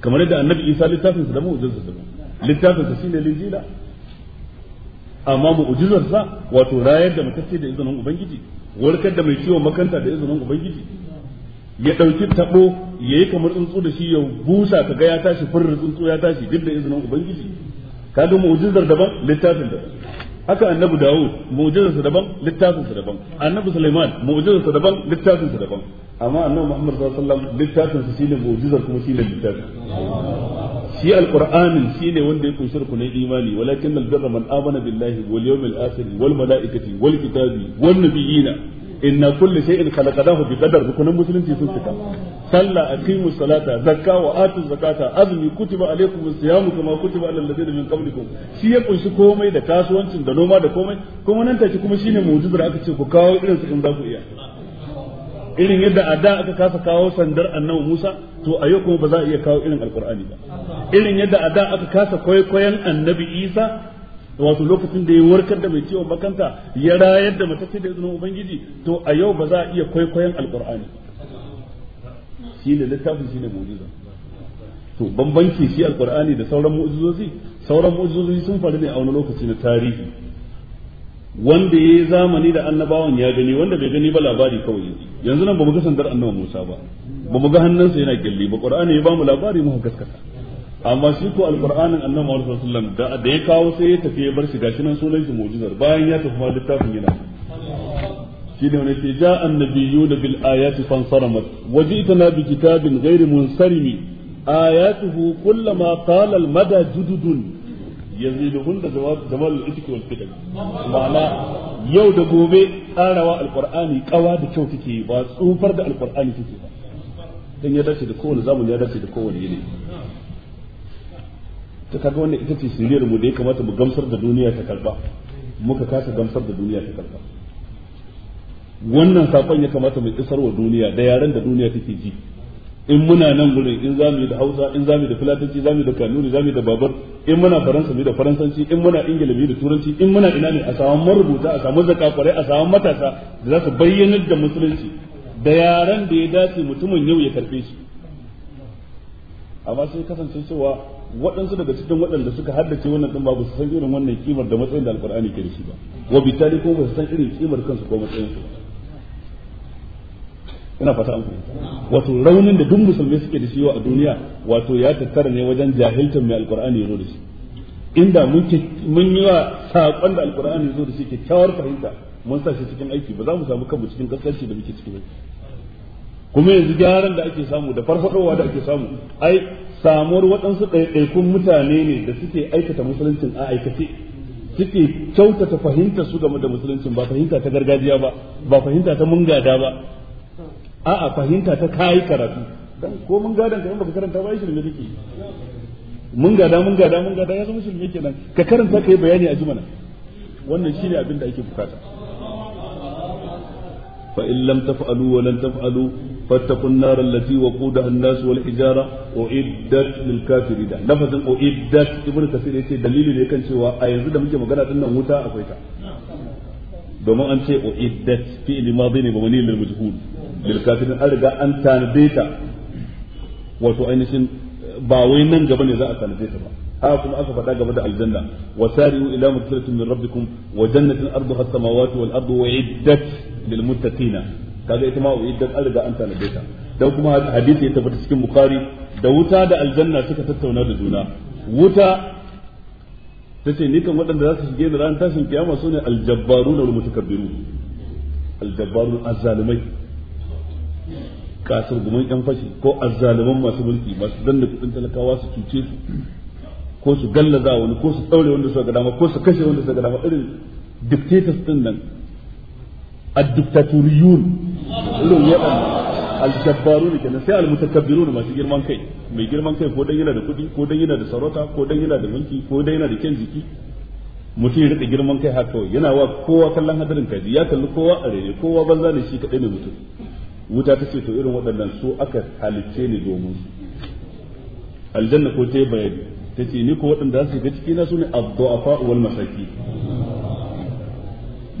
kamar yadda annabi Isa littafin sa da mu'jizar sa littafin sa shine linjila amma mu'jizarsa wato rayar da matacce da izinin ubangiji warkar da mai ciwon makanta da izinin ubangiji ya ɗauki tabo ya yi kamar tsuntsu da shi ya busa ka ya tashi furin tsuntsu ya tashi duk da izinin ubangiji kaga mu'jizar daban littafin daban haka annabi dawud mu'jizarsa daban littafinsa daban annabi sulaiman mu'jizarsa daban littafinsa daban amma annabi Muhammad sallallahu alaihi wasallam littafin sa shine mu'jizar kuma shine littafin shi alqur'anin shine wanda ya kunshi rukunin imani walakin albirra man amana billahi wal yawmil akhir wal malaikati wal kitabi wan nabiyina inna kulli shay'in khalaqnahu bi qadar rukunin musulunci sun fita salla aqimu salata zakka wa atu zakata azmi kutiba alaykum as-siyamu kama kutiba alal ladina min qablikum shi ya kunshi komai da kasuwancin da noma da komai kuma nan tace kuma shine mu'jizar aka ce ku kawo irin su in za ku iya irin yadda a da aka kasa kawo sandar annabi Musa to a yau kuma ba za a iya kawo irin alkur'ani ba irin yadda a da aka kasa kwaikwayon annabi Isa wato lokacin da ya warkar da mai ciwon bakanta ya rayar da matacce da izinin ubangiji to a yau ba za a iya kwaikwayon alkur'ani shi ne littafin shi ne mu'jiza to bambanci shi alkur'ani da sauran mu'jizozi sauran mu'jizozi sun faru ne a wani lokaci na tarihi wanda ya yi zamani da annabawan ya gani wanda bai gani ba labari kawai yanzu nan bamu ga sandar annabi Musa ba bamu ga hannunsa yana kyalli ba Qur'ani ya bamu labari mu gaskata amma shi ko alqur'anin annabi Muhammad sallallahu alaihi wasallam da ya kawo sai ya tafi ya bar shi gashi nan sunan shi mu'jizar bayan ya tafi ma littafin yana shi ne wani ja annabiyyu da bil ayati fansaramat waji'tana bi kitabin ghairi munsarimi ayatuhu kullama qala al mada jududun yaziduhun da jamalul itiki wal fitan ma'ana yau da gobe tsarawa alqur'ani kawa da kyau take ba tsufar da alqur'ani take ba dan ya dace da kowane zamani ya dace da kowane yini ta kaga wannan ita ce siriyar mu da ya kamata mu gamsar da duniya ta kalba muka kasa gamsar da duniya ta kalba. wannan sakon ya kamata mu isar wa duniya da yaren da duniya take ji in muna nan gurin in zamu yi da Hausa in zamu yi da Filatanci zamu yi da Kanuri zamu yi da Babar in muna faransa da faransanci in muna ingila biyu da turanci in muna ina ne a samu marubuta a samu zaka kwarai a samu matasa da za su bayyanar da musulunci da yaran da ya dace mutumin yau ya karfe shi amma sai kasance cewa waɗansu daga cikin waɗanda suka haddace wannan ɗin ba su san irin wannan kimar da matsayin da alkur'ani ke da shi ba wa bitali ko ba su san irin kimar kansu ko matsayin ba ina fata an fahimta wato raunin da duk musulmi suke da shi a duniya wato ya tattara ne wajen jahiltar mai ya zo da shi inda mun yi wa sakon da ya zo da shi kyakkyawar fahimta mun sa shi cikin aiki ba za mu samu kanmu cikin kaskanci da muke cikin aiki kuma yanzu gyaran da ake samu da farfadowa da ake samu ai samuwar waɗansu ɗaiɗaikun mutane ne da suke aikata musuluncin a aikace suke kyautata fahimtar su game da musuluncin ba fahimta ta gargajiya ba ba fahimta ta mungada ba a'a fahimta ta kai karatu dan ko mun gadan ka in baka karanta ba shi ne kake mun gada mun gada mun gada ya zama shi ne kenan ka karanta kai bayani a jumana wannan shine abin da ake bukata fa in lam taf'alu wa lan taf'alu fattaqun nar allati waqudaha an-nas wal hijara uiddat lil kafirin lafazin uiddat ibnu kasir yace dalili ne kan cewa a yanzu da muke magana din nan wuta akwai ta domin an ce uiddat fi'li madhi ne ba mani lil majhul lil kafirin an riga an tanade ta wato ainihin ba wai nan gaba ne za a tanade ta ba haka kuma aka faɗa gaba da aljanna wa sari'u ila magfiratin min rabbikum wa jannatin arduha as-samawati wal ardu uiddat lil muttaqina kaga ita ma uiddat an riga an tanade ta dan kuma hadisi ya tabbata cikin bukhari da wuta da aljanna suka tattauna da juna wuta tace ni kan waɗanda za su shige da ran tashin kiyama sune aljabbaruna wal mutakabbirun aljabbarun azzalumai kasar gumin yan fashi ko azzaliman masu mulki masu danna kudin talakawa su cuce su ko su gallaza wani ko su daure wanda suka dama ko su kashe wanda suka dama irin dictators din nan ad-diktatoriyun irin yadan al-jabbaru ne kenan sai al-mutakabbirun masu girman kai mai girman kai ko dan yana da kudi ko dan yana da sarauta ko dan yana da mulki ko dan yana da kyan jiki mutum ya rika girman kai haka yana wa kowa kallon hadarin kaji ya kalli kowa a rere kowa banza da shi kadai ne mutum wuta ta ce to irin waɗannan su aka halicce ni domin su aljanna ko ta yi bayani ta ce ni ko waɗanda za su ga ciki na su ne a wal masaki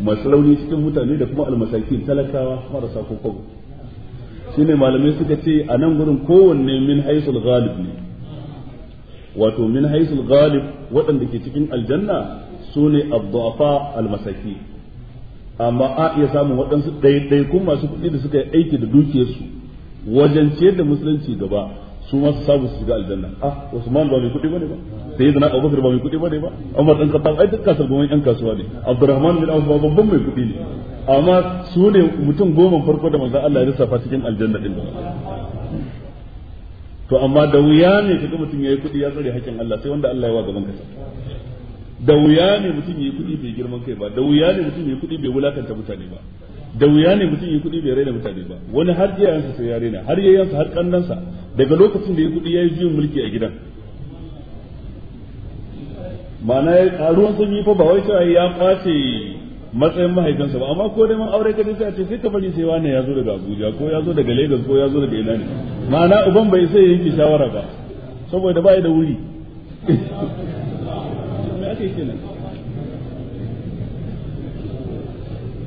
masu rauni cikin mutane da kuma almasaki talakawa marasa ko Shi ne malamai suka ce a nan gurin kowanne min haisul ghalib ne wato min haisul ghalib waɗanda ke cikin aljanna su ne a abdu'afa masaki. amma a iya samun waɗansu ɗaiɗaikun masu kuɗi da suka yi aiki da dukiyarsu wajen ciyar da musulunci gaba su masu samu su shiga aljanna A ah, wasu Usman ba mai kuɗi ba ne ba sai da na Abu ba mai kuɗi ba ne ba Umar dan Khattab ai dukkan goma yan kasuwa ne Abdurrahman bin Auf ba babban mai kuɗi ne amma su ne mutum goma farko da manzon Allah ya lissafa cikin aljanna din to amma da wuya ne kaga mutum yayi kuɗi ya tsare hakkin Allah sai wanda Allah ya wa gaban kasa da wuya ne mutum yi kuɗi bai girman kai ba da wuya ne mutum yi kuɗi bai wulakanta mutane ba da wuya ne mutum yi kuɗi bai raina mutane ba wani har jiyayensa sai ya raina har yayansa har kannansa daga lokacin da yayi kuɗi yi juyin mulki a gidan ma'ana ya ruwan sanyi fa ba wai cewa ya kwace matsayin mahaifinsa ba amma ko dai man aure ka sai a ce sai ka bari sai wani ya zo daga Abuja ko ya zo daga Lagos ko ya zo daga ina ne ma'ana uban bai sai yanke shawara ba saboda ba da wuri ake kenan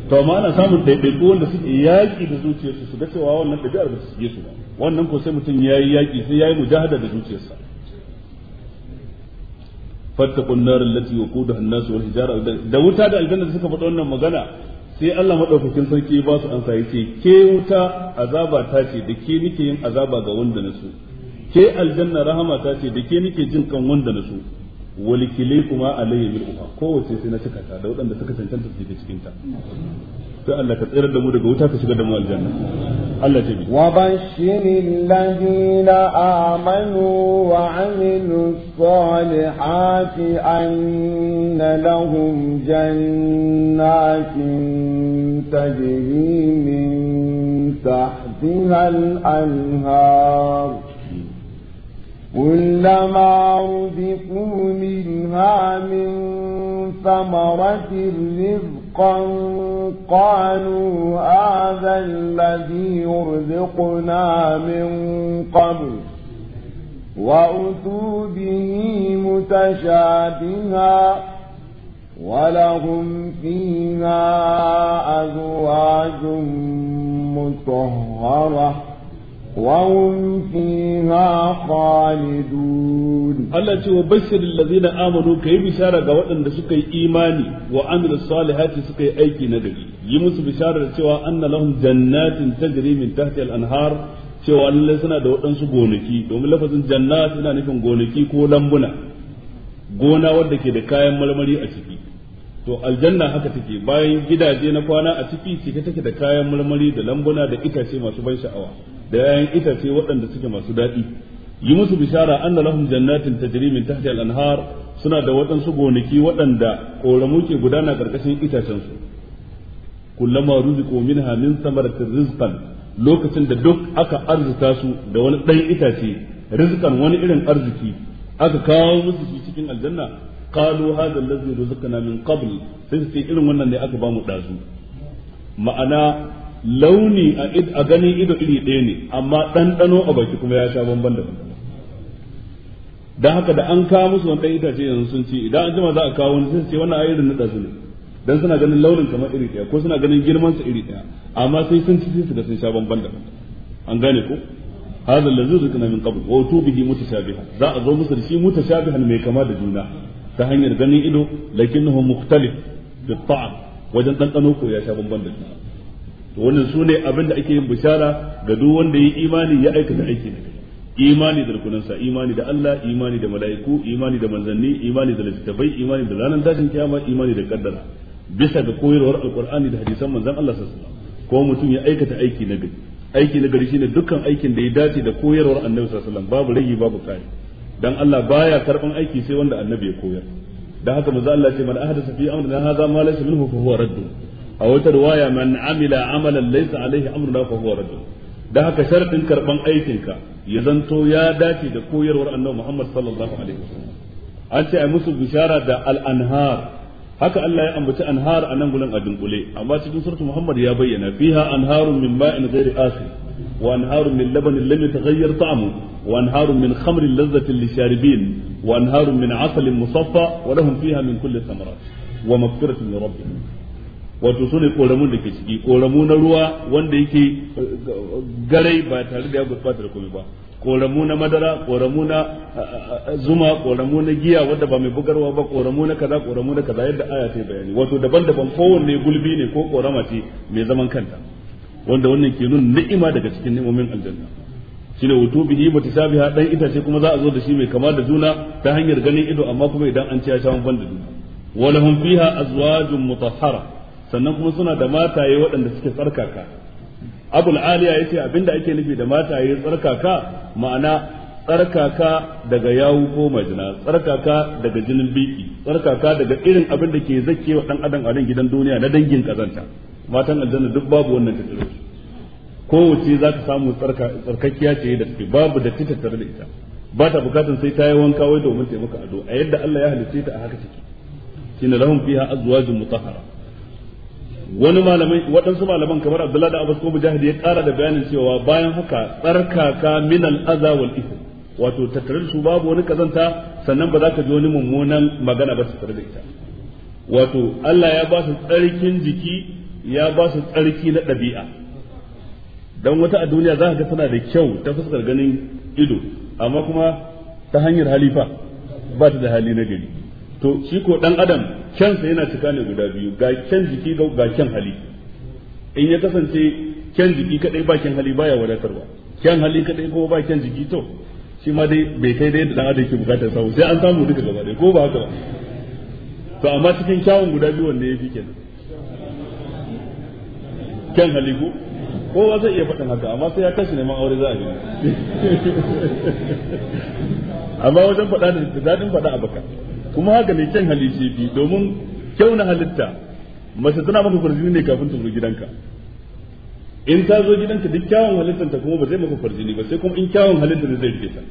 to amma ana samun ɗaiɗaiku wanda suke yaƙi da zuciyarsu su ga cewa wannan ɗabi'ar ba su shige su ba wannan ko sai mutum ya yi yaƙi sai ya yi mujahada da zuciyarsa fattakun nar lati waqudaha an-nas wal hijara da wuta da aljanna da suka faɗa wannan magana sai Allah madaukakin sarki ba su ansa yace ke wuta azaba ta ce da ke nike yin azaba ga wanda nasu ke aljanna rahama ta ce da ke nike jin kan wanda nasu walikilai kuma alayya bil uha kowace sai na cika ta da waɗanda suka cancanta su shiga cikin ta sai Allah ka tsira da mu daga wuta ka shiga da mu aljanna Allah ce wa bashiril ladina amanu wa amilus salihati anna lahum jannatin tajri min tahtiha al-anhar كلما رزقوا منها من ثمرة رزقا قالوا هذا الذي يرزقنا من قبل وأتوا به متشابها ولهم فيها أزواج مطهرة وَهُمْ فِيهَا خَالِدُونَ Allah ce wa bashir Amadu ka yi bishara ga waɗanda suka yi imani wa amilu salihati suka yi aiki na gari yi musu bishara da cewa anna lahum jannatin tajri min tahti al-anhar cewa lalle suna da waɗansu gonaki domin lafazin janna yana nufin gonaki ko lambuna gona wanda ke da kayan marmari a ciki to aljanna haka take bayan gidaje na kwana a ciki take take da kayan marmari da lambuna da itace masu ban sha'awa da yayan itace waɗanda suke masu daɗi yi musu bishara anna lahum jannatin tajri min tahtiha al-anhar suna da waɗansu gonaki waɗanda koramu ke gudana karkashin itacen su kullama ruziqu minha min samaratin rizqan lokacin da duk aka arzuta su da wani ɗan itace rizqan wani irin arziki aka kawo musu shi cikin aljanna qalu hadha allazi ruzqana min qabl sai ce irin wannan ne aka ba mu dazu ma'ana launi a ganin ido iri ɗaya ne amma ɗanɗano a baki kuma ya sha bamban da ɗanɗano dan haka da an kawo musu wani ɗan itace yanzu sun ci idan an jima za a kawo wani sun ce wannan ayyukan na ɗazu ne don suna ganin launin kamar iri ɗaya ko suna ganin girman su iri ɗaya amma sai sun ci su da sun sha bamban da an gane ko hadha allazi rizqna min qabl wa utu bihi mutashabiha za a zo musu da shi mutashabihan mai kama da juna ta hanyar ganin ido lakinnahu mukhtalif bi ta'am wajen ɗanɗano ko ya sha bamban da juna to wannan sune abin da ake yin bishara ga duk wanda yi imani ya aikata aiki na imani da rukunansa imani da Allah imani da mala'iku imani da manzanni imani da littafai imani da ranar tashin kiyama imani da kaddara bisa ga koyarwar alqur'ani da hadisan manzon Allah sallallahu alaihi wasallam ko mutum ya aikata aiki na gari aiki na gari shine dukkan aikin da ya dace da koyarwar annabi sallallahu alaihi wasallam babu rayi babu kare dan Allah baya karban aiki sai wanda annabi ya koyar dan haka manzo Allah ce man ahdatha fi amrina hadha ma laysa minhu fa huwa raddu a wata waya man amila amalan laysa alaihi amruna fa huwa rajul da haka sharadin karban aikinka ya zanto ya dace da koyarwar annabi Muhammad sallallahu alaihi wasallam an ce ai musu bishara da al-anhar haka Allah ya ambaci anhar a nan gulan a dunkule amma cikin suratul Muhammad ya bayyana fiha anharun min ma'in ghairi asin wa anharun min labanin lam yataghayyar ta'amu wa anharun min khamrin lazzatin lisharibin wa anharun min asalin musaffa wa lahum fiha min kulli wa wato su ne koramun da ke ciki koramu na ruwa wanda yake uh, garai ba tare da ya gurɓata da komai ba koramu na madara koramu na uh, uh, zuma koramu na giya wanda ba mai bugarwa ba koramu na kaza koramu na kaza yadda aya ta bayani wato daban-daban kowanne gulbi ne ko korama ce mai zaman kanta wanda wannan ke nuna ni'ima daga cikin ni'imomin aljanna shine wato bihi mutasabiha dan itace kuma za a zo da shi mai kama da juna ta hanyar ganin ido amma kuma idan an ci ya sha ban da juna walahum fiha azwajun mutahhara sannan kuma suna da mataye waɗanda suke tsarkaka abul aliya yace abinda ake nufi da mataye tsarkaka ma'ana tsarkaka daga yawu ko majina tsarkaka daga jinin biki tsarkaka daga irin abin da ke zake wa dan adam a nan gidan duniya na dangin kazanta matan aljanna duk babu wannan tattare kowace za ta samu tsarkakkiya ce da take babu da tattare da ita ba ta bukatan sai ta yi wanka wai domin taimaka ado a yadda Allah ya halicce ta a haka take shine lahum fiha azwajun mutahhara wani malamai waɗansu malaman kamar abdullahi da abbas ko mujahid ya ƙara da bayanin cewa bayan haka tsarkaka min al'aza wal ithm wato tattare su babu wani kazanta sannan ba za ka ji wani mummunan magana ba tattare da ita wato Allah ya ba su tsarkin jiki ya ba su tsarki na ɗabi'a dan wata a duniya za ka ga tana da kyau ta fuskar ganin ido amma kuma ta hanyar halifa ba ta da hali na gari to shi ko dan adam kyansa yana cika ne guda biyu ga kyan jiki ga kyan hali in ya kasance kyan jiki kadai ba kyan hali baya wadatarwa kyan hali kadai ko ba kyan jiki to shi ma dai bai kai dai da dan adam ke bukatar sa sai an samu duka gaba ko ba haka ba to amma cikin kyawun guda biyu wanda yafi kenan kyan hali ko kowa zai iya faɗin haka amma sai ya tashi neman aure za a yi *laughs* amma wajen faɗa da daɗin faɗa a baka kuma haka ne kyan hali ce domin kyau na halitta mace tana maka kwarjini ne kafin ta zo gidanka in ta zo gidanka duk kyawun halittanta kuma ba zai maka kwarjini ba sai kuma in kyawun halittar zai fita.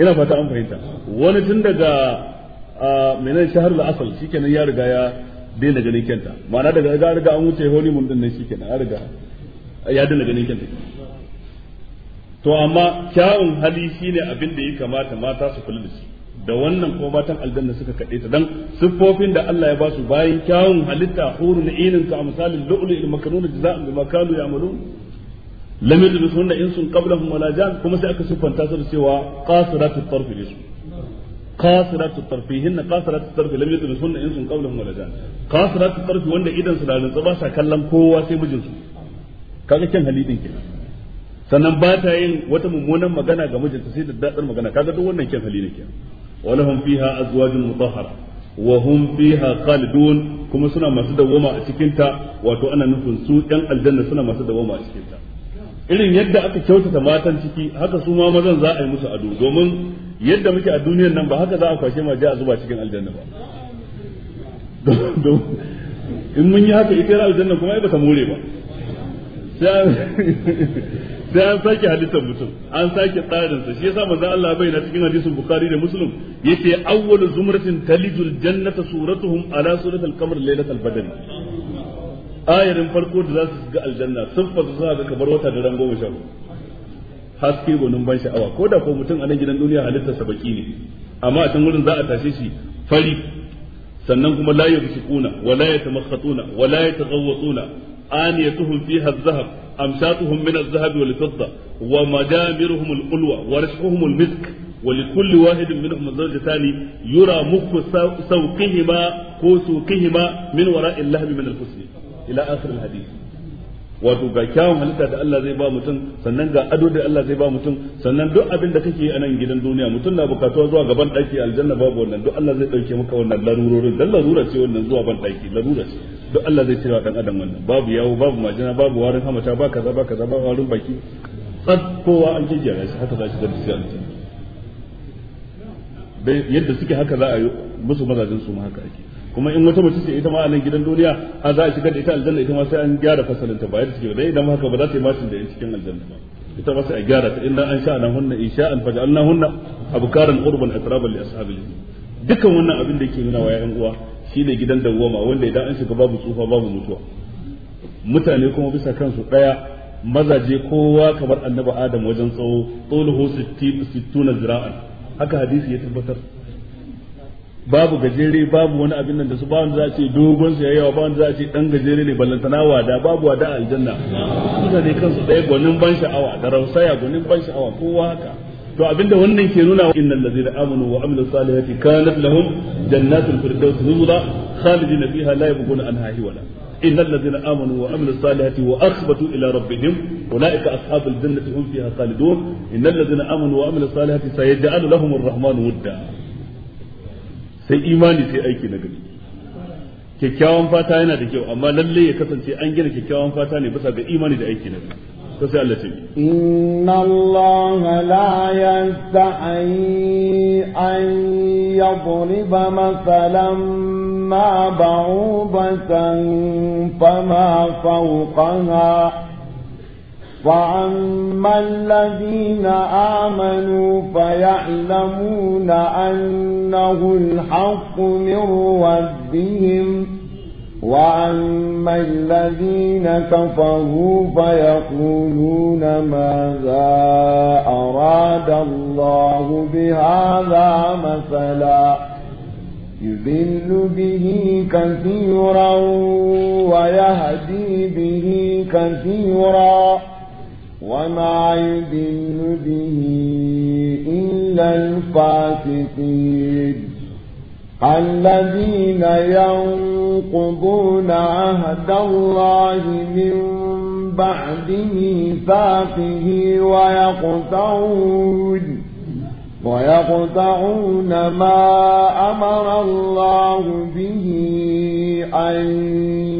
ina fata an fahimta wani tun daga menene shahar la'asal shikenan ya riga ya daina ganin kyanta ma'ana daga ga riga an wuce honeymoon din nan shikenan ya riga ya daina ganin kyanta to amma kyawun hali shine abin da ya kamata mata su kula da shi da wannan ko matan aljanna suka kade ta dan siffofin da Allah ya ba su bayan kyawun halitta hurun inin ka amsalin lu'lu'il makanun jazaa'an bima kanu ya'malun lam in sun qablahum wala jan kuma sai aka siffanta su da cewa qasiratut tarfi lisu qasiratut tarfi hinna qasiratut tarfi lam in sun qablahum wala jan qasiratut tarfi wanda idan su da rantsa ba sa kallon kowa sai mijinsu kaga kin halidin kenan sannan ba ta yin wata mummunan magana ga mijinta sai da dadar magana kaga duk wannan kin hali ne ولهم فيها أزواج مطهرة وهم فيها خالدون كما سنة ما تدوما أتكنتا واتو أنا نفن سوء أن الجنة سنة ما تدوما أتكنتا irin yadda aka kyautata matan ciki haka su ma mazan za yi musu ado domin yadda muke a duniyar nan ba haka za a kwashe ma ji a zuba cikin aljanna ba *laughs* in mun yi haka ita aljanna kuma ai ba more ba sai an sake halittar mutum an sake tsarinsa shi yasa manzo Allah bai cikin hadisin Bukhari da Muslim yace awwalu zumratin talijul jannata suratuhum ala suratil qamar lailatul badr ayarin farko da za su shiga aljanna sun fasu za ga kamar wata da ran goma sha haske gonin ban sha'awa ko da ko mutum a nan gidan duniya halittarsa baki ne amma a can wurin za a tashe shi fari sannan kuma la yabshikuna wa la yatamakhatuna wa la yataghawwatuna آنيتهم فيها الذهب أمشاتهم من الذهب والفضة ومجامرهم القلوة ورشحهم المسك ولكل واحد منهم الزوجتان يرى مخ سوقهما كو سوقهما من وراء اللهم من الحسن إلى آخر الحديث wato ga kyawun halitta da Allah zai ba mutum sannan ga ado da Allah zai ba mutum sannan duk abin da kake a nan gidan duniya mutum na bukatuwa zuwa gaban daki aljanna babu wannan duk Allah zai dauke maka wannan larurorin dan larura ce wannan zuwa ban daki larura ce duk Allah zai cire wa dan adam wannan babu yawo babu majina babu warin hamata ba kaza ba kaza ba warin baki tsad kowa an jijjira shi haka za shi zama sai aljanna dai yadda suke haka za a yi musu mazajin su ma haka ake kuma in wata mace ce ita ma a nan gidan duniya a za a shiga da ita aljanna ita ma sai an gyara fasalin ta ba yadda suke dai idan haka ba za ta yi macin da ita cikin aljanna ba ita ma sai a gyara ta inda an sha nan hunna isha'an faj'alna hunna abkaran urban atraban li da jannah dukkan wannan abin da yake nuna wa ƴan uwa shine gidan dawwama wanda idan an shiga babu tsufa babu mutuwa mutane kuma bisa kansu daya mazaje kowa kamar annabi adam wajen tsawo tsoluhu 60 zira'an haka hadisi ya tabbatar babu gajere babu wani abin nan da su ba wanda za a ce dogon su yayawa ba wanda za a ce dan gajere ne ballantana wada babu wada aljanna mutane kansu daya gwanin ban sha'awa da rausaya gwanin ban sha'awa kowa haka to abinda wannan ke nuna innal ladzina amanu wa amilus salihati kanat lahum jannatul firdaus nuzula khalidina fiha la yabghuna anha hiwala innal ladzina amanu wa amilus salihati wa akhbatu ila rabbihim ulaika ashabul jannati hum fiha khalidun innal ladzina amanu wa amilus salihati sayaj'alu lahum arrahmanu wudda sai imani sai aiki na gani. kyakkyawan fata yana da kyau amma lalle ya kasance an gina kyakkyawan fata ne bisa ga imani da aiki na gari تسألتي إن الله لا يستحي أن يضرب مثلا ما بعوضة فما فوقها فأما الذين آمنوا فيعلمون أنه الحق من ربهم وأما الذين كفروا فيقولون ماذا أراد الله بهذا مثلا يذل به كثيرا ويهدي به كثيرا وما يذل به إلا الفاسقين الذين ينقضون عهد الله من بعد ميثاقه ويقطعون ويقطعون ما أمر الله به أن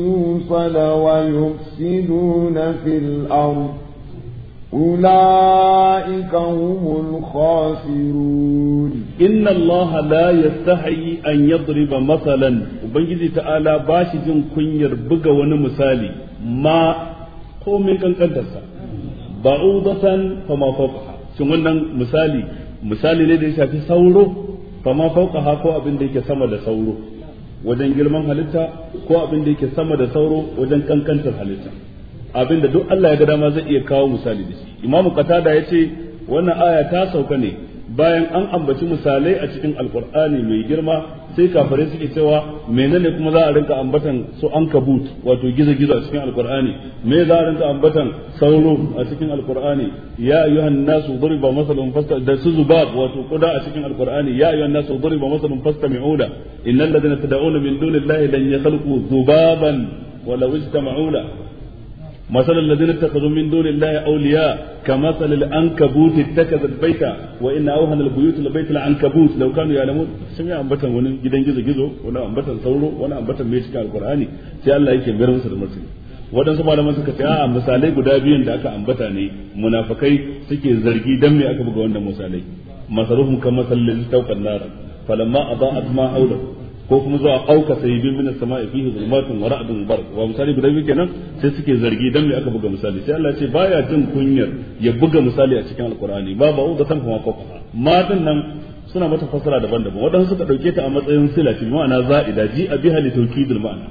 يوصل ويفسدون في الأرض أولئك هم الخاسرون إن الله لا يستحي أن يضرب مثلا وبنجي تعالى باشي جن كنير بقى ونمثالي ما قومي كان كنتسا بعوضة فما فوقها شنونا مثالي misali ne da ya shafi sauro fama fauka ha ko abin da yake sama da sauro wajen girman halitta ko abin da yake sama da sauro wajen kankantar halitta abinda duk Allah ya ga dama zai iya kawo misali da shi imamu qatada yace wannan aya ta sauka ne bayan an ambaci misalai a cikin alqur'ani mai girma sai kafirai suke cewa menene kuma za a rinka ambatan su an kabut wato gizo-gizo a cikin alqur'ani me za a rinka ambatan sauro a cikin alqur'ani ya ayyuhan nasu duriba masalun fasta da su zubab wato kuda a cikin alqur'ani ya ayyuhan nasu duriba masalun fastami'una innal ladina tad'una min dunillahi lan yakhluqu zubaban ولو اجتمعوا له مثل الذين اتخذوا من دون الله أولياء كمثل الأنكبوت اتخذت بيتا وإن أوهن البيوت لبيت العنكبوت لو كانوا يعلمون سمع أنبتا ونن جدا جزا جزو ولا أنبتا ثورو ولا أنبتا ميشكا القرآن سي الله يكي ميرا مسل مرسل waɗansu malaman suka ce a'a misalai guda biyun da aka ambata ne munafakai suke zargi dan me aka buga wannan misalai masaruhum kama sallin tawqan nar falamma adaa'at ma hawlahu ko kuma zuwa auka bin min as-sama'i fihi zulmatun wa ra'dun barq wa misali guda biyu nan sai suke zargi dan me aka buga misali sai Allah ce baya jin kunyar ya buga misali a cikin alqur'ani ba ba uda san kuma ko ma nan suna mata fasara daban-daban waɗansu suka ɗauke ta a matsayin sila fi ma'ana za'ida ji a biha li tawkidil ma'ana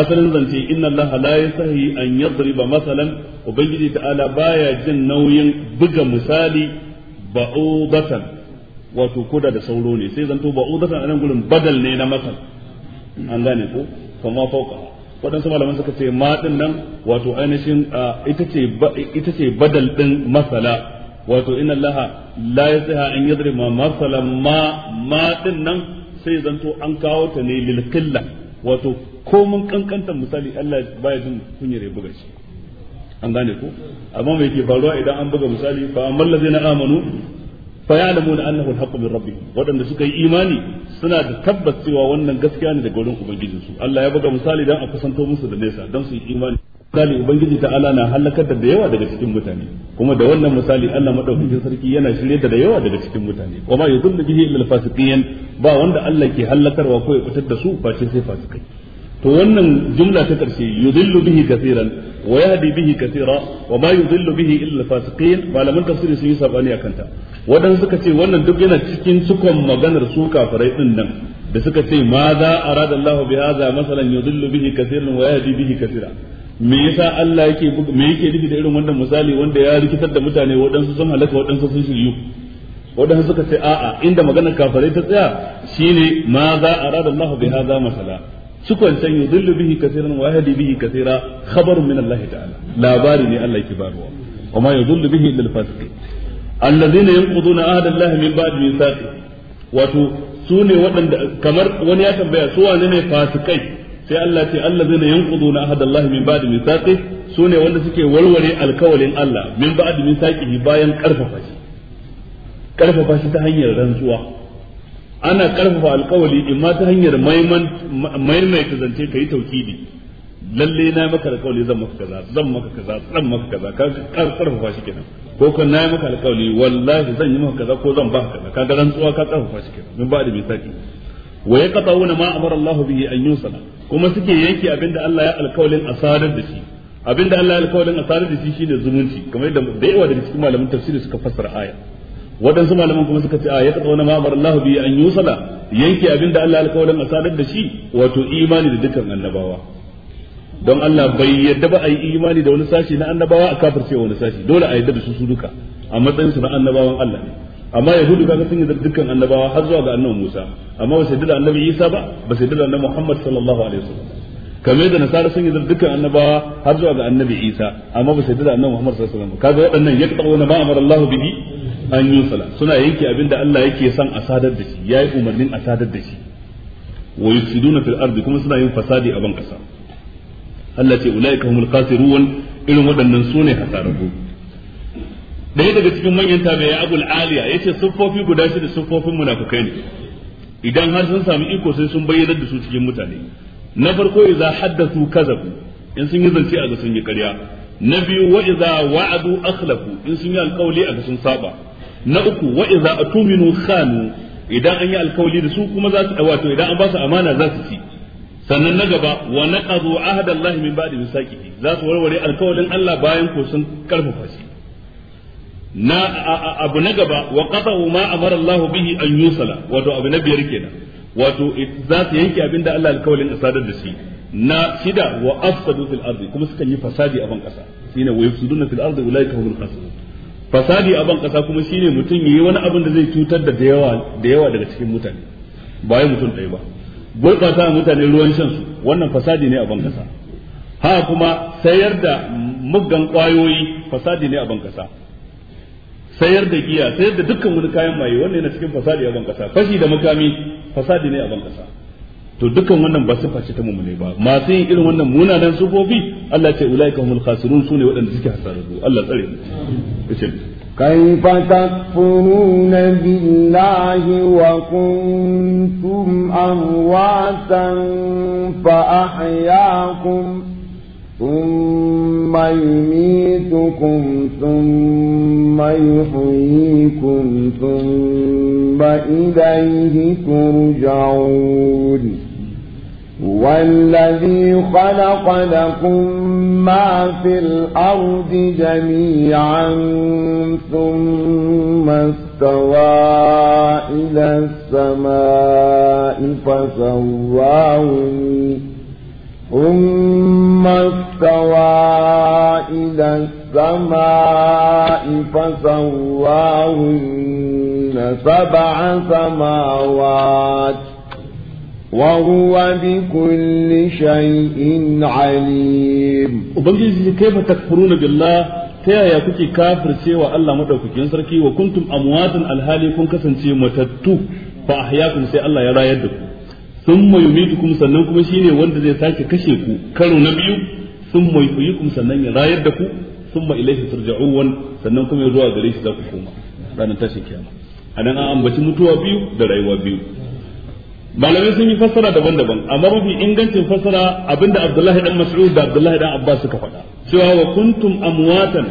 asalin zance inna Allah la yasahi an yadriba masalan ubangiji ta'ala baya jin nauyin buga misali ba'udatan wato koda da sauro ne sai zanto ba udatan anan gurin badal ne na masa an gane ko kuma fauka waɗansu malaman suka ce ma din nan wato ainihin ita ce ita ce badal din masala wato inna allaha la yasiha an yadriba masala ma ma din nan sai zanto an kawo ta ne lil qilla wato ko mun kankanta misali Allah baya jin kunyar ya buga shi an gane ko amma me ke faruwa idan an buga misali fa amma allazina amanu fa ya'lamuna annahu al-haqqu min rabbihim wadanda suka yi imani suna da tabbas cewa wannan gaskiya ne daga wurin ubangijin su Allah ya buga misali dan a kusanto musu da nesa dan su yi imani misali ubangiji ta ala na halakar da yawa daga cikin mutane kuma da wannan misali Allah madaukakin sarki yana shirye da yawa daga cikin mutane kuma yuzillu bihi illa fasiqin ba wanda Allah ke halakarwa ko ya fitar da su face sai fasikai to wannan jumla ta karshe yuzillu bihi kaseeran wa yahdi bihi kathira wa ma yudhillu bihi illa al-fasiqin malaman tafsiri sun yi sabani akan ta wadan suka ce wannan duk yana cikin cikon maganar su kafirai din nan da suka ce ma za arada Allah bi hadha masalan yudhillu bihi kathiran wa yahdi bihi kathira me yasa Allah yake me yake nufi da irin wannan misali wanda ya rikitar da mutane wadansu sun halaka wadansu sun shiryu wadansu suka ce a'a inda maganar kafirai ta tsaya shine ma za arada Allah bi hadha masala cikon can yudillu bihi kaseeran wa yahdi bihi kaseera khabarun min Allah ta'ala labari ne Allah yake barwa kuma yudillu bihi illa al-fasiqin alladhina yanquduna ahda Allah min ba'di mithaqi wato su ne waɗanda kamar wani ya tambaya su wane ne fasikai sai Allah ce alladhina yanquduna ahda Allah min ba'di mithaqi su ne wanda suke walwale alkawalin Allah min ba'di mithaqihi bayan karfafa shi karfafa shi ta hanyar rantsuwa ana karfafa alkawali in ma ta hanyar maimaita zance ka yi taukidi lalle na maka alkawali zan maka kaza zan maka kaza zan maka kaza ka karfafa shi kenan ko kan na maka alkawali wallahi zan yi maka kaza ko zan ba kaza ka ga rantsuwa ka karfafa shi kenan min ba da misaki wa yaqta'una ma amara Allah bihi an yusala kuma suke yanke abinda Allah ya alkawalin asarar da shi abinda Allah ya alkawalin asarar da shi shine zumunci kamar yadda da yawa daga cikin malaman tafsiri suka fassara aya waɗansu malaman kuma suka ce a ya taɓa wani ma'amar Allah bi an yusala yanke abin da Allah alƙawarin a sadar da shi wato imani da dukkan annabawa don Allah bai yadda ba a yi imani da wani sashi na annabawa a kafirce wani sashi dole a yadda da su su duka a matsayin su na annabawan Allah ne amma yahudu kaga sun yi dukkan annabawa har zuwa ga annabi Musa amma ba su yadda da annabi Isa ba ba su yadda da annabi Muhammad sallallahu alaihi wasallam kamar da nasara sun yi dukkan annabawa har zuwa ga annabi Isa amma ba su yadda da annabi Muhammad sallallahu alaihi wasallam kaga waɗannan yaqta'una ma amara Allah bihi an yusala suna yanke abin da Allah yake son a sadar da shi yayi umarnin a sadar da shi wa yufsiduna fil ardi kuma suna yin fasadi a ban kasa Allah ce ulaika humul khasirun irin waɗannan sune hasararru ɗaya daga cikin manyan tabi'ai Abul Aliya yace siffofi guda shida siffofin munafikai ne idan har sun sami iko sai sun bayyana da su cikin mutane na farko idza haddathu kazabu in sun yi zance a ga sun yi ƙarya na biyu wa idza wa'adu akhlafu in sun yi alƙawli a ga sun saba na uku wa idza atuminu khanu idan an yi alkawali da su kuma za su wato idan an ba su amana za su ci sannan na gaba wa naqadu ahada Allah min ba'di misaqihi za su warware alkawalin Allah bayan ko sun karfafa shi na abu na gaba wa qatahu ma amara Allah bihi an yusala wato abu na biyar kenan wato za su yanke abinda Allah alkawalin isadar da shi na shida wa afsadu fil ardi kuma sukan yi fasadi a ban kasa shine wa yufsiduna fil ardi ulaika humul khasirun fasadi a ban kasa kuma shine mutum yayi wani abin da zai cutar da yawa da yawa daga cikin mutane ba mutum ɗaya ba gurɓata mutane ruwan shan su wannan fasadi ne a ban kasa ha kuma sayar da muggan ƙwayoyi fasadi ne a ban kasa sayar da giya sayar da dukkan wani kayan maye wannan yana cikin fasadi a ban kasa fashi da makami fasadi ne a ban kasa to dukan wannan ba sifa ta mummune ba masu yin irin wannan munanan sufofi Allah ce ulaika humul khasirun sune waɗanda suke hasararru Allah tsare mu kace كيف تكفرون بالله وكنتم أمواتا فأحياكم ثم يميتكم ثم يحييكم ثم إليه ترجعون والذي خلق لكم ما في الأرض جميعا ثم استوى إلى السماء فسواهن ثم استوى إلى السماء فسواهن سبع سماوات وهو بكل شيء عليم وبنجي كيف تكفرون بالله تيا يا كوكي كافر سوى الله مدوكين سركي وكنتم امواتا الهالي كن كسنتي متتو فاحياكم سي الله يرى يدكم ثم يميتكم sannan kuma shine wanda zai sake kashe ku karo na biyu thumma yuhyikum sannan ya rayar da ku thumma ilayhi turja'un sannan kuma ya zuwa gare shi za ku koma ranar anan an ambaci mutuwa biyu da rayuwa biyu malamai sun yi fassara daban-daban amma mafi ingancin fassara abinda Abdullahi dan Mas'ud da Abdullahi dan Abbas suka faɗa cewa wa kuntum amwatan